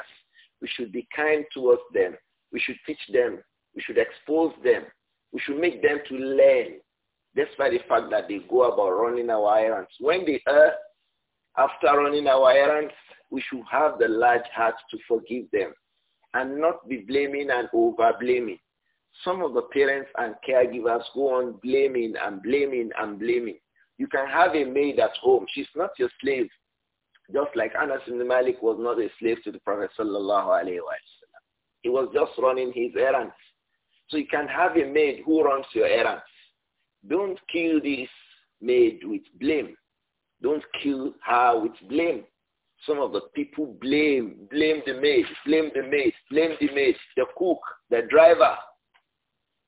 We should be kind towards them. We should teach them. We should expose them. We should make them to learn, despite the fact that they go about running our errands. When they err, after running our errands, we should have the large heart to forgive them and not be blaming and over-blaming. Some of the parents and caregivers go on blaming and blaming and blaming. You can have a maid at home. She's not your slave. Just like Anas ibn Malik was not a slave to the Prophet sallallahu alaihi wasallam. He was just running his errands. So you can have a maid who runs your errands. Don't kill this maid with blame. Don't kill her with blame. Some of the people blame, blame the maid, blame the maid, blame the maid, the cook, the driver.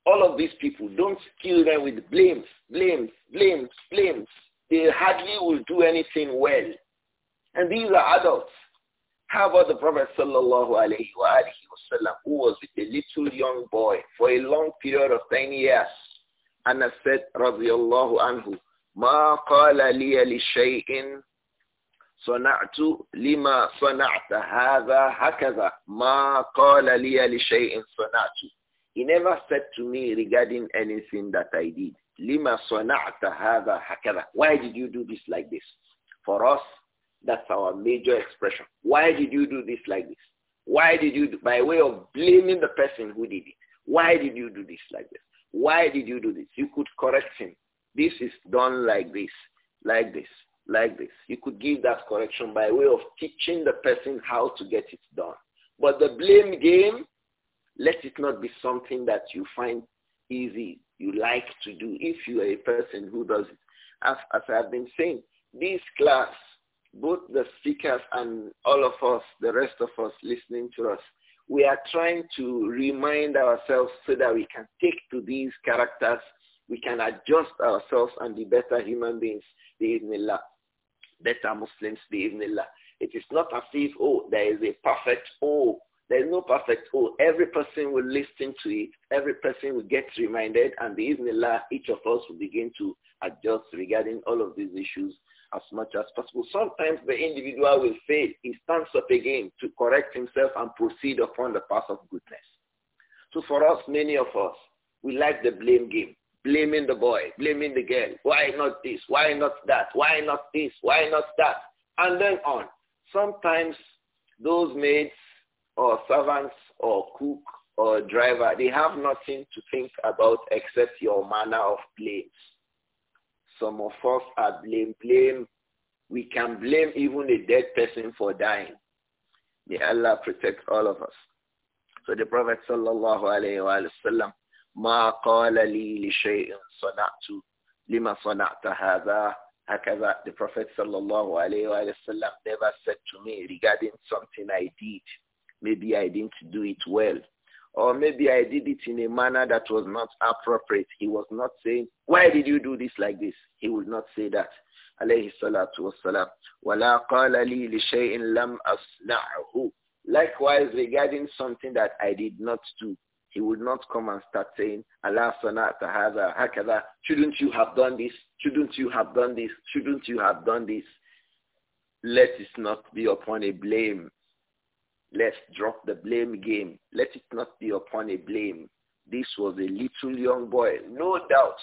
All of these people, don't kill them with blames, blames, blames, blames. They hardly will do anything well. And these are adults. How about the Prophet sallallahu alayhi wa wasallam who was a little young boy for a long period of 10 years? And I said, radiyallahu anhu, ما قال shay'in لشيء صنعت لما صنعت هذا هكذا ما قال لي shay'in صنعت He never said to me regarding anything that I did. لما صنعت هذا هكذا Why did you do this like this? For us, that's our major expression. Why did you do this like this? Why did you, do, by way of blaming the person who did it, why did you do this like this? Why did you do this? You could correct him. This is done like this, like this, like this. You could give that correction by way of teaching the person how to get it done. But the blame game, let it not be something that you find easy, you like to do if you are a person who does it. As, as I've been saying, this class both the speakers and all of us, the rest of us listening to us, we are trying to remind ourselves so that we can take to these characters, we can adjust ourselves and be better human beings, bi'idhnillah, better Muslims, bi'idhnillah. It is not as if, oh, there is a perfect oh. There is no perfect oh. Every person will listen to it. Every person will get reminded. And bi'idhnillah, each of us will begin to adjust regarding all of these issues as much as possible. Sometimes the individual will fail. He stands up again to correct himself and proceed upon the path of goodness. So for us, many of us, we like the blame game. Blaming the boy, blaming the girl. Why not this? Why not that? Why not this? Why not that? And then on. Sometimes those maids or servants or cook or driver, they have nothing to think about except your manner of blames some of us are blame, blame. We can blame even a dead person for dying. May Allah protect all of us. So the Prophet sallallahu alaihi wa sallam, ما li li لشيء صنعت lima صنعت هذا the Prophet sallallahu alaihi wa sallam never said to me regarding something I did. Maybe I didn't do it well or maybe I did it in a manner that was not appropriate. He was not saying, why did you do this like this? He would not say that. Alayhi salatu wassalam. وَلَا قَالَ لِي لِشَيْءٍ لَمْ أَصْنَعْهُ Likewise, regarding something that I did not do, he would not come and start saying, Allah sana'ta hadha, hakada, shouldn't you have done this? Shouldn't you have done this? Shouldn't you have done this? Let it not be upon a blame Let's drop the blame game. Let it not be upon a blame. This was a little young boy, no doubt.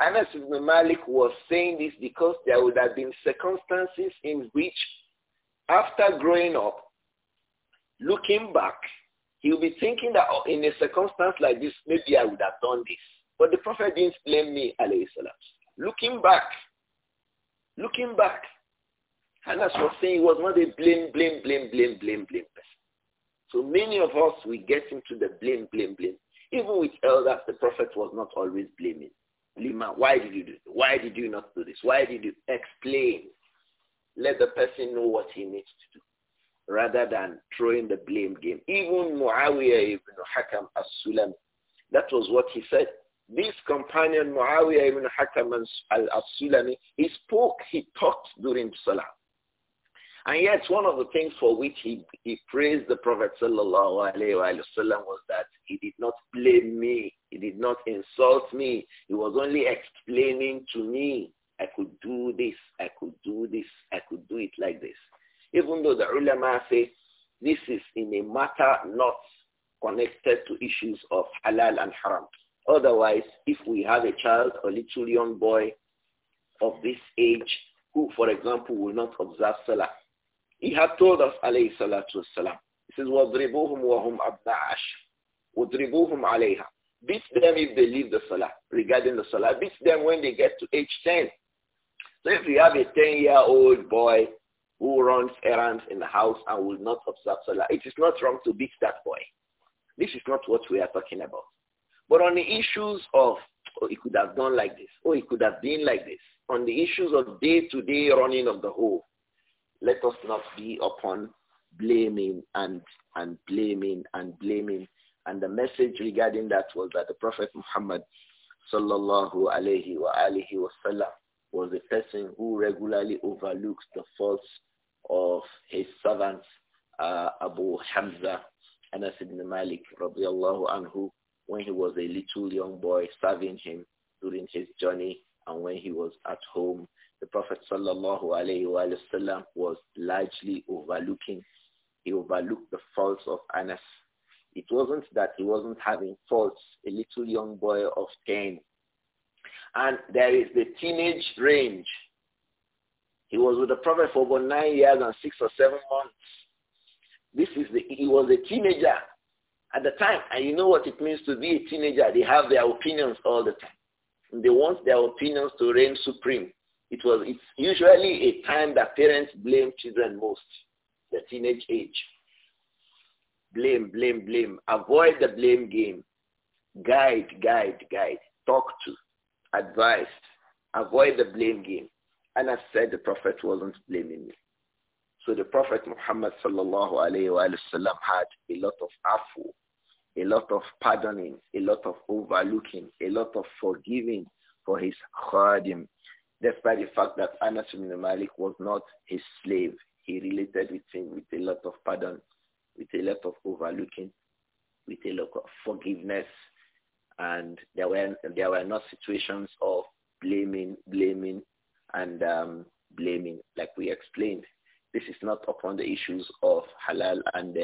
Anas ibn Malik was saying this because there would have been circumstances in which, after growing up, looking back, he'll be thinking that oh, in a circumstance like this, maybe I would have done this. But the Prophet didn't blame me, alayhi salam. Looking back, looking back, Anas was saying he was not a blame, blame, blame, blame, blame, blame person. So many of us, we get into the blame, blame, blame. Even with elders, the prophet was not always blaming. Lima, why did you do this? Why did you not do this? Why did you explain? Let the person know what he needs to do rather than throwing the blame game. Even Muawiyah ibn Hakam as-Sulam, that was what he said. This companion, Muawiyah ibn Hakam as-Sulami, he spoke, he talked during Salah. And yet one of the things for which he, he praised the Prophet sallallahu alaihi was that he did not blame me. He did not insult me. He was only explaining to me, I could do this, I could do this, I could do it like this. Even though the ulama say this is in a matter not connected to issues of halal and haram. Otherwise, if we have a child, a little young boy of this age, who, for example, will not observe Salah, he had told us, alayhi salatu wasalam, he says, وَضْرِبُوهُمْ وَهُمْ أَبْنَى عَشْرٍ وَضْرِبُوهُم عَلَيْهَا Beat them if they leave the salah, regarding the salah. Beat them when they get to age 10. So if you have a 10-year-old boy who runs errands in the house and will not observe salah, it is not wrong to beat that boy. This is not what we are talking about. But on the issues of, oh, he could have done like this, oh, he could have been like this, on the issues of day to -day running of the home, let us not be upon blaming and, and blaming and blaming. And the message regarding that was that the Prophet Muhammad sallallahu alayhi wa alihi wasallam was a person who regularly overlooks the faults of his servants uh, Abu Hamza Anas ibn Malik radiallahu anhu when he was a little young boy serving him during his journey and when he was at home the Prophet sallallahu alayhi wa sallam was largely overlooking. He overlooked the faults of Anas. It wasn't that he wasn't having faults, a little young boy of 10. And there is the teenage range. He was with the Prophet for about nine years and six or seven months. This is the, he was a teenager at the time. And you know what it means to be a teenager. They have their opinions all the time. And they want their opinions to reign supreme. It was, it's usually a time that parents blame children most, the teenage age. Blame, blame, blame. Avoid the blame game. Guide, guide, guide. Talk to. Advise. Avoid the blame game. And I said the Prophet wasn't blaming me. So the Prophet Muhammad sallallahu alayhi wa sallam had a lot of afu, a lot of pardoning, a lot of overlooking, a lot of forgiving for his khadim, despite the fact that Anas ibn Malik was not his slave. He related with him with a lot of pardon, with a lot of overlooking, with a lot of forgiveness. And there were, there were not situations of blaming, blaming, and um, blaming, like we explained. This is not upon the issues of halal and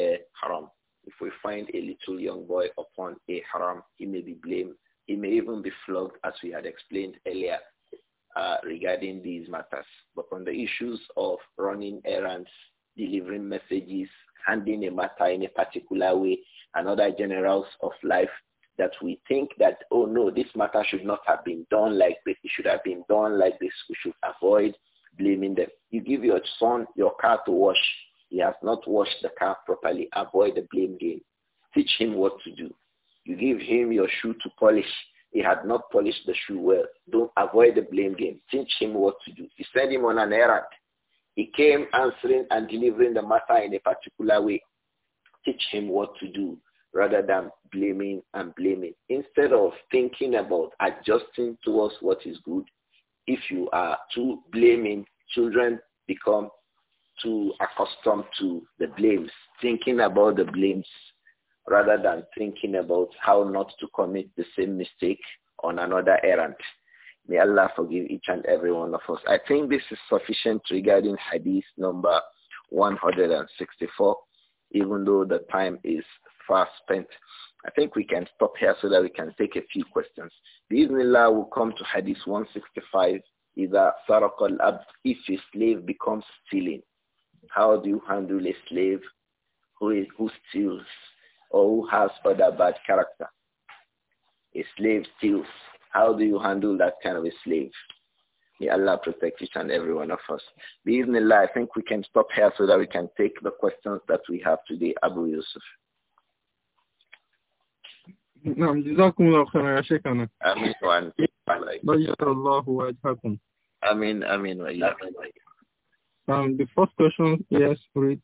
haram. If we find a little young boy upon a haram, he may be blamed. He may even be flogged, as we had explained earlier uh, regarding these matters. But on the issues of running errands, delivering messages, handling a matter in a particular way, and other generals of life that we think that, oh no, this matter should not have been done like this. It should have been done like this. We should avoid blaming them. You give your son your car to wash. He has not washed the car properly. Avoid the blame game. Teach him what to do. You give him your shoe to polish he had not polished the shoe well. Don't avoid the blame game. Teach him what to do. send him on an errand. He came answering and delivering the matter in a particular way. Teach him what to do rather than blaming and blaming. Instead of thinking about adjusting towards what is good, if you are too blaming, children become too accustomed to the blames, thinking about the blames rather than thinking about how not to commit the same mistake on another errand. May Allah forgive each and every one of us. I think this is sufficient regarding hadith number 164, even though the time is fast spent. I think we can stop here so that we can take a few questions. Bismillah will come to hadith 165. Either Sarakal if a slave becomes stealing, how do you handle a slave who, is, who steals? or who has other bad character. A slave steals. How do you handle that kind of a slave? May Allah protect each and every one of us. Bismillah, I think we can stop here so that we can take the questions that we have today, Abu Yusuf. نعم جزاكم الله خيرا يا شيخنا امين وانت بيت الله وجهكم امين امين واياكم Um, the first question, yes, reads,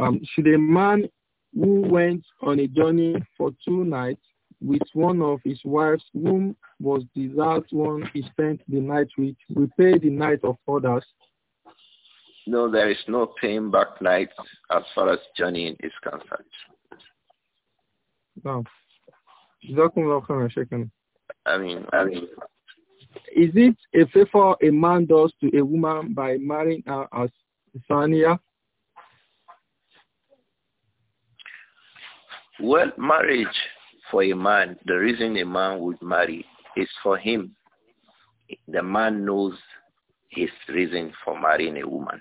um, should a man who went on a journey for two nights with one of his wives whom was the last one he spent the night with, repay the night of others? No, there is no paying back night as far as journeying is concerned. No. I mean, I mean, is it a favor a man does to a woman by marrying her as Sania? Well, marriage for a man, the reason a man would marry is for him. The man knows his reason for marrying a woman.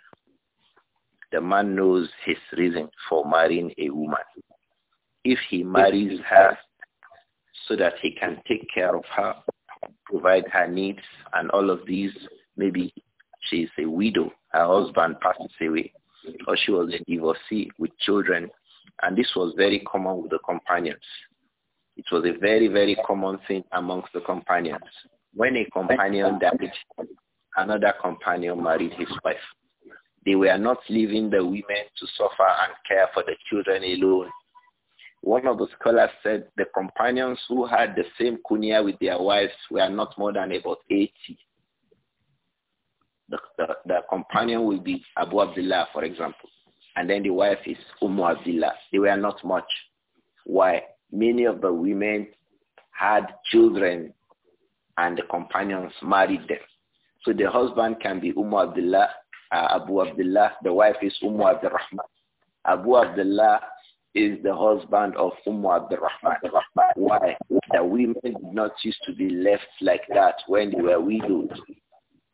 The man knows his reason for marrying a woman. If he marries her so that he can take care of her, provide her needs and all of these, maybe she is a widow, her husband passes away, or she was a divorcee with children and this was very common with the companions. It was a very, very common thing amongst the companions. When a companion died, another companion married his wife. They were not leaving the women to suffer and care for the children alone. One of the scholars said the companions who had the same kunya with their wives were not more than about 80. The, the, the companion will be Abu Abdullah, for example. And then the wife is Umm Abdullah. They were not much. Why? Many of the women had children and the companions married them. So the husband can be Umm Abdullah, uh, Abu Abdullah. The wife is Umm Abdurrahman. Abu Abdullah is the husband of Umm Abdurrahman. Why? The women did not used to be left like that when they were widowed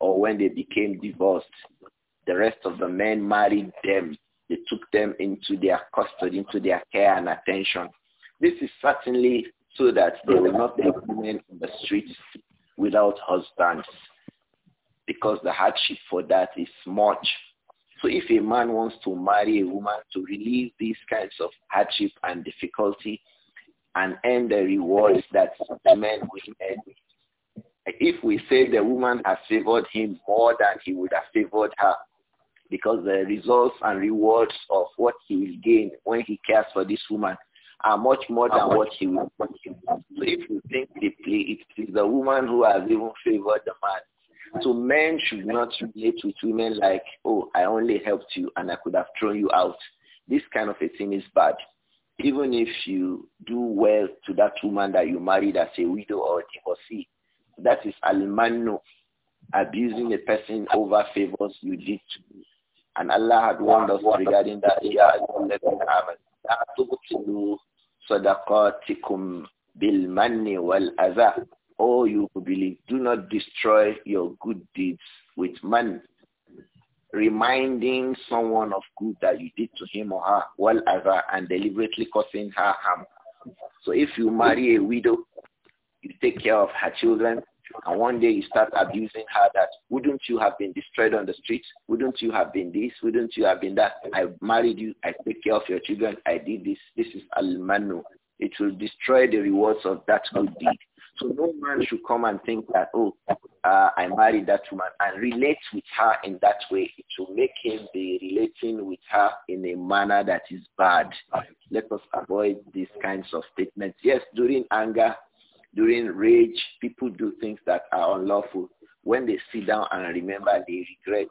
or when they became divorced. The rest of the men married them. They took them into their custody, into their care and attention. This is certainly so that they will not be women on the streets without husbands because the hardship for that is much. So if a man wants to marry a woman to relieve these kinds of hardship and difficulty and earn the rewards that the men will earn, if we say the woman has favored him more than he would have favored her, because the results and rewards of what he will gain when he cares for this woman are much more than what he will gain. So if you think deeply, it is the woman who has even favored the man. So men should not relate with women like, oh, I only helped you and I could have thrown you out. This kind of a thing is bad. Even if you do well to that woman that you married as a widow or a divorcee, that is alimano, abusing a person over favors you did to me and Allah had warned us regarding that. He صدقاتكم بالمن والأذى Oh, you believe, do not destroy your good deeds with man. Reminding someone of good that you did to him or her, well other, and deliberately causing her harm. So if you marry a widow, you take care of her children, and one day you start abusing her that, wouldn't you have been destroyed on the streets? Wouldn't you have been this? Wouldn't you have been that? I married you. I take care of your children. I did this. This is almanu. It will destroy the rewards of that good deed. So no man should come and think that, oh, uh, I married that woman and relate with her in that way. It will make him be relating with her in a manner that is bad. Let us avoid these kinds of statements. Yes, during anger, during rage, people do things that are unlawful. When they sit down and remember, they regret.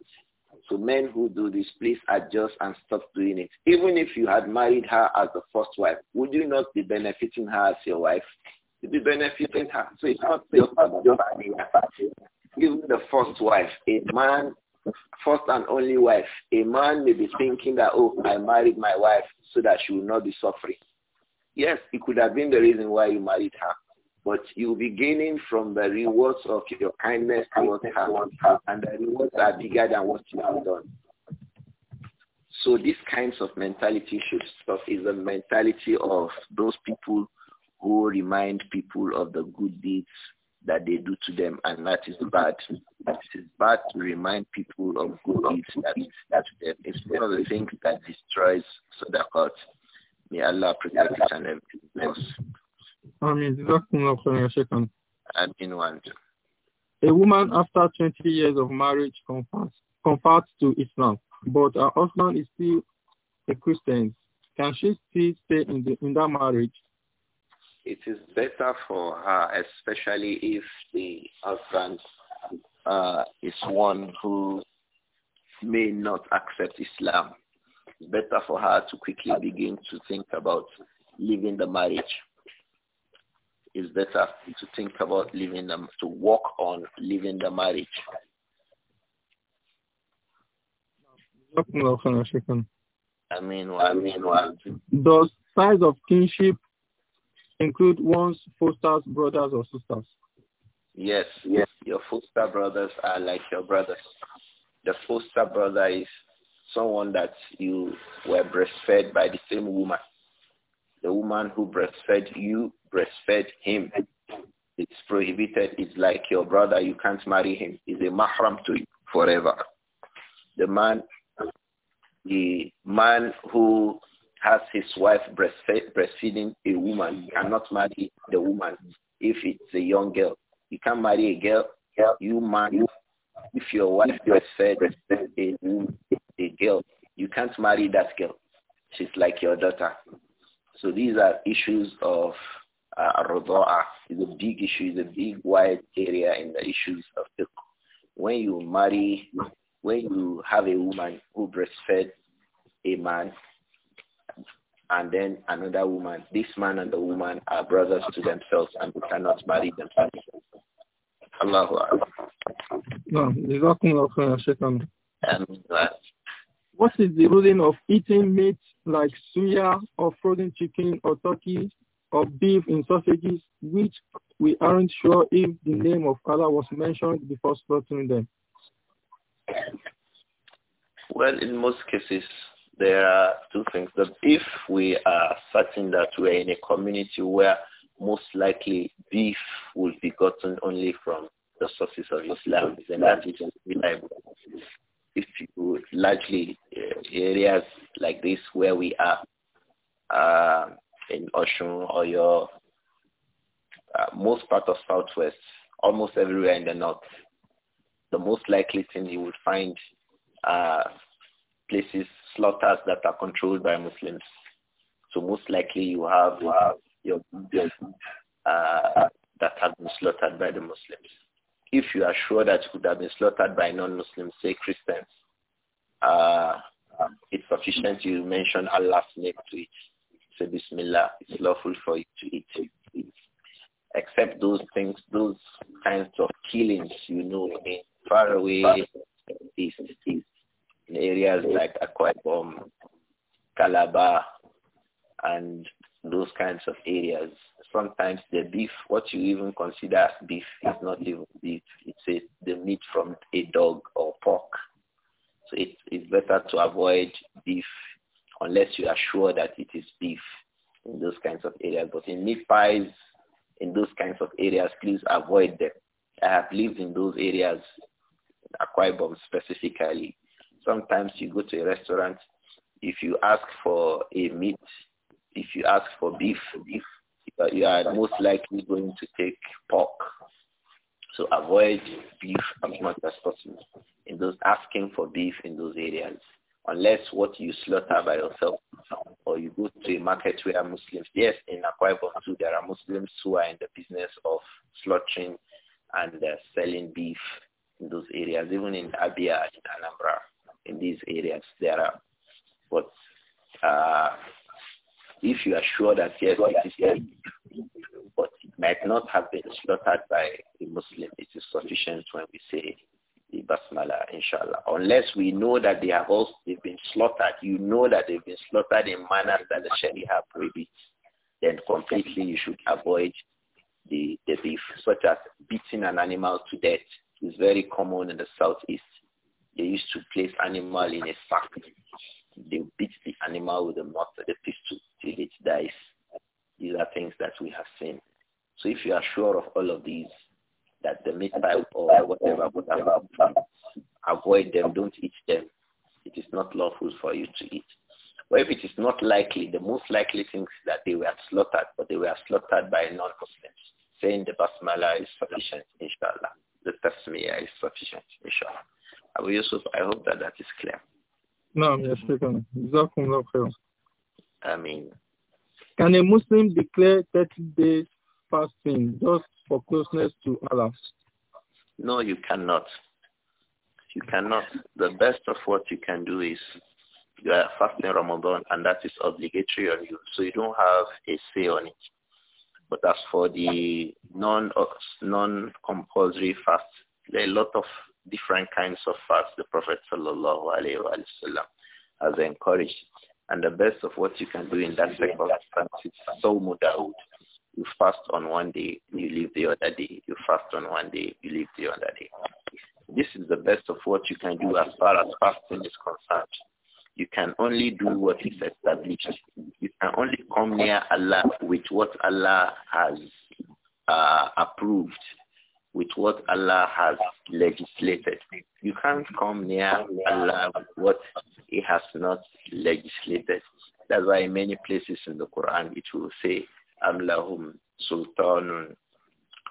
So men who do this, please adjust and stop doing it. Even if you had married her as the first wife, would you not be benefiting her as your wife? You'd be benefiting her. So it's not even the first wife, a man, first and only wife, a man may be thinking that, oh, I married my wife so that she will not be suffering. Yes, it could have been the reason why you married her but you'll be gaining from the rewards of your kindness towards her, and the rewards are bigger than what you have done. So these kinds of mentality should stop is the mentality of those people who remind people of the good deeds that they do to them, and that is bad. It is bad to remind people of good deeds that is that them. It's one of the things that destroys sadaqat. May Allah protect us and everything else one. A woman after 20 years of marriage converts, converts to Islam, but her husband is still a Christian. Can she still stay in, the, in that marriage? It is better for her, especially if the husband uh, is one who may not accept Islam. It's better for her to quickly begin to think about leaving the marriage is better to think about leaving them, to work on leaving the marriage. I mean, I mean, Does ties of kinship include one's foster's brothers or sisters? Yes, yes. Your foster brothers are like your brothers. The foster brother is someone that you were breastfed by the same woman. The woman who breastfed you Respect him. It's prohibited. It's like your brother. You can't marry him. He's a mahram to you forever. The man, the man who has his wife breastfed, breastfeeding a woman cannot marry the woman if it's a young girl. You can't marry a girl. You man, if your wife breastfed a, a girl, you can't marry that girl. She's like your daughter. So these are issues of uh, is a big issue, is a big wide area in the issues of fiqh. When you marry, when you have a woman who breastfed a man and then another woman, this man and the woman are brothers to themselves and they cannot marry themselves. Allahu Akbar. Uh, what is the ruling of eating meat like suya or frozen chicken or turkey of beef in sausages, which we aren't sure if the name of Allah was mentioned before slaughtering them? Well, in most cases, there are two things. That if we are certain that we are in a community where most likely beef will be gotten only from the sources of Islam, then that is reliable. If you largely uh, areas like this where we are, uh, in Oshun, Oyo, uh, most part of Southwest, almost everywhere in the North, the most likely thing you would find uh, places, slaughters that are controlled by Muslims. So most likely you have uh, your, your uh, that have been slaughtered by the Muslims. If you are sure that it could have been slaughtered by non-Muslims, say Christians, uh, it's sufficient you mention Allah's name to it say Bismillah, it's lawful for you to eat. Except those things, those kinds of killings, you know, in far away east, east, in areas like Akwa Ibom, Calabar, and those kinds of areas. Sometimes the beef, what you even consider as beef, is not even beef. It's a, the meat from a dog or pork. So it's better to avoid beef unless you are sure that it is beef in those kinds of areas. But in meat pies, in those kinds of areas, please avoid them. I have lived in those areas, Akwa specifically. Sometimes you go to a restaurant, if you ask for a meat, if you ask for beef, beef you are most likely going to take pork. So avoid beef as much as possible in those asking for beef in those areas unless what you slaughter by yourself or you go to a market where Muslims, yes, in Akwa there are Muslims who are in the business of slaughtering and uh, selling beef in those areas, even in Abia, in Anambra, in these areas there are. But uh, if you are sure that yes, it is yes, but it might not have been slaughtered by a Muslim, it is sufficient when we say the basmala, inshallah. Unless we know that they have also they've been slaughtered, you know that they've been slaughtered in manners that the Sharia prohibits, then completely you should avoid the, the beef, such as beating an animal to death is very common in the southeast. They used to place animal in a sack. They beat the animal with a mortar, the pistol, till it dies. These are things that we have seen. So if you are sure of all of these, that the meatball or whatever, whatever, avoid them, don't eat them. It is not lawful for you to eat. Or if it is not likely, the most likely thing is that they were slaughtered, but they were slaughtered by non-Muslims. Saying the basmala is sufficient, inshallah. The tasmiyah is sufficient, inshallah. Abu Yusuf, I hope that that is clear. No, yes, I mean, can a Muslim declare 30 days fasting just for closeness to Allah? No, you cannot. You cannot. The best of what you can do is you are fasting Ramadan and that is obligatory on you. So you don't have a say on it. But as for the non non-compulsory fast, there are a lot of different kinds of fasts the Prophet sallallahu alaihi wasallam has encouraged. And the best of what you can do in that fast is Sawmu Dawood, you fast on one day, you leave the other day. You fast on one day, you leave the other day. This is the best of what you can do as far as fasting is concerned. You can only do what is established. You can only come near Allah with what Allah has uh, approved, with what Allah has legislated. You can't come near Allah with what He has not legislated. That's why in many places in the Quran it will say, أم لهم سلطان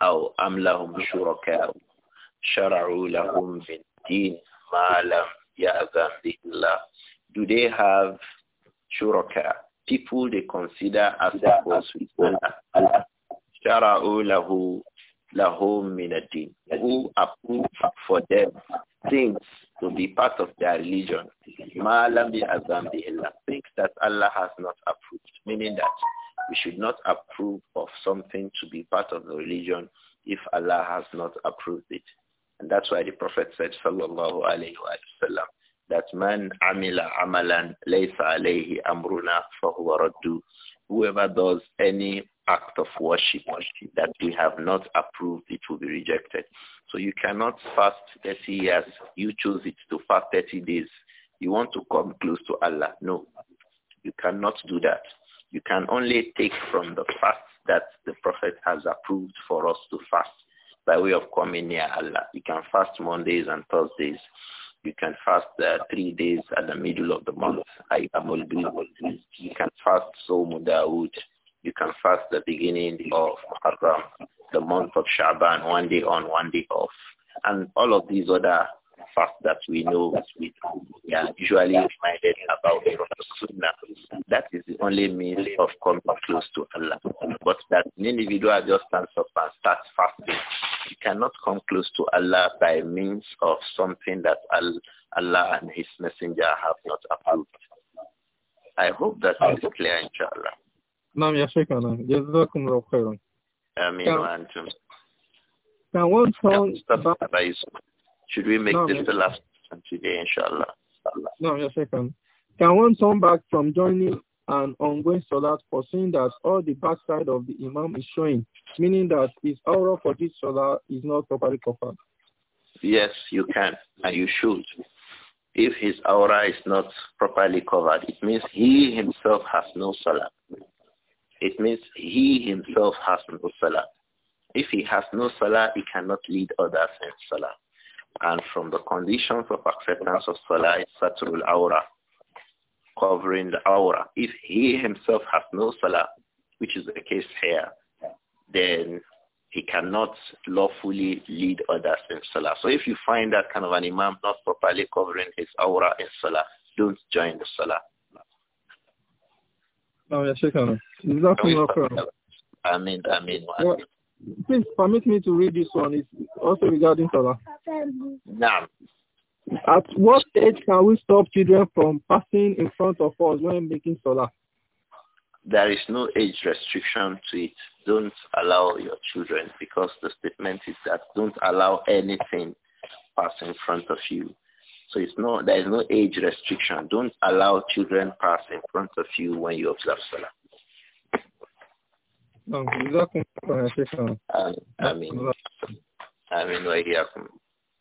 أو أم لهم شركاء شرعوا لهم في الدين ما لم يأذن به الله Do they have shuraka, people they consider as equals with min who approve for them things to be part of their religion. Ma bi azam things that Allah has not approved, meaning that we should not approve of something to be part of the religion if Allah has not approved it. And that's why the Prophet said, sallallahu alayhi wa sallam, that man amila amalan laysa alayhi amruna fahuwa raddu. Whoever does any act of worship that we have not approved, it will be rejected. So you cannot fast 30 years. You choose it to fast 30 days. You want to come close to Allah. No, you cannot do that. You can only take from the fast that the Prophet has approved for us to fast by way of coming near Allah. You can fast Mondays and Thursdays. You can fast uh, three days at the middle of the month. You can fast Sawm Dawood. You can fast the beginning of Muharram, the month of Shaban, one day on, one day off. And all of these other fasts that we know we yeah, usually reminded about from the Sunnah that is the only means of coming close to Allah. But that an individual just stands up and starts fasting. He cannot come close to Allah by means of something that Allah and his messenger have not approved. I hope that is clear, inshallah. نعم يا شيخنا جزاكم الله خيرا آمين وأنتم Now one phone Should we make no, this the last one today, inshallah? No, yes, I can. Can one turn back from joining an ongoing salat for seeing that all the backside of the imam is showing, meaning that his aura for this salat is not properly covered? Yes, you can and you should. If his aura is not properly covered, it means he himself has no salah. It means he himself has no salah. If he has no salah, he cannot lead others in salah. And from the conditions of acceptance of salah is satrul aura, covering the aura. If he himself has no salah, which is the case here, then he cannot lawfully lead others in salah. So if you find that kind of an imam not properly covering his aura in salah, don't join the salah. Oh, yeah, Sheikh. I mean, I mean, please permit me to read this one. It's also regarding salah. Nah. At what age can we stop children from passing in front of us when making solar? There is no age restriction to it. Don't allow your children because the statement is that don't allow anything pass in front of you. So it's no, there is no age restriction. Don't allow children pass in front of you when you observe salah. Um, I mean, I mean, I mean,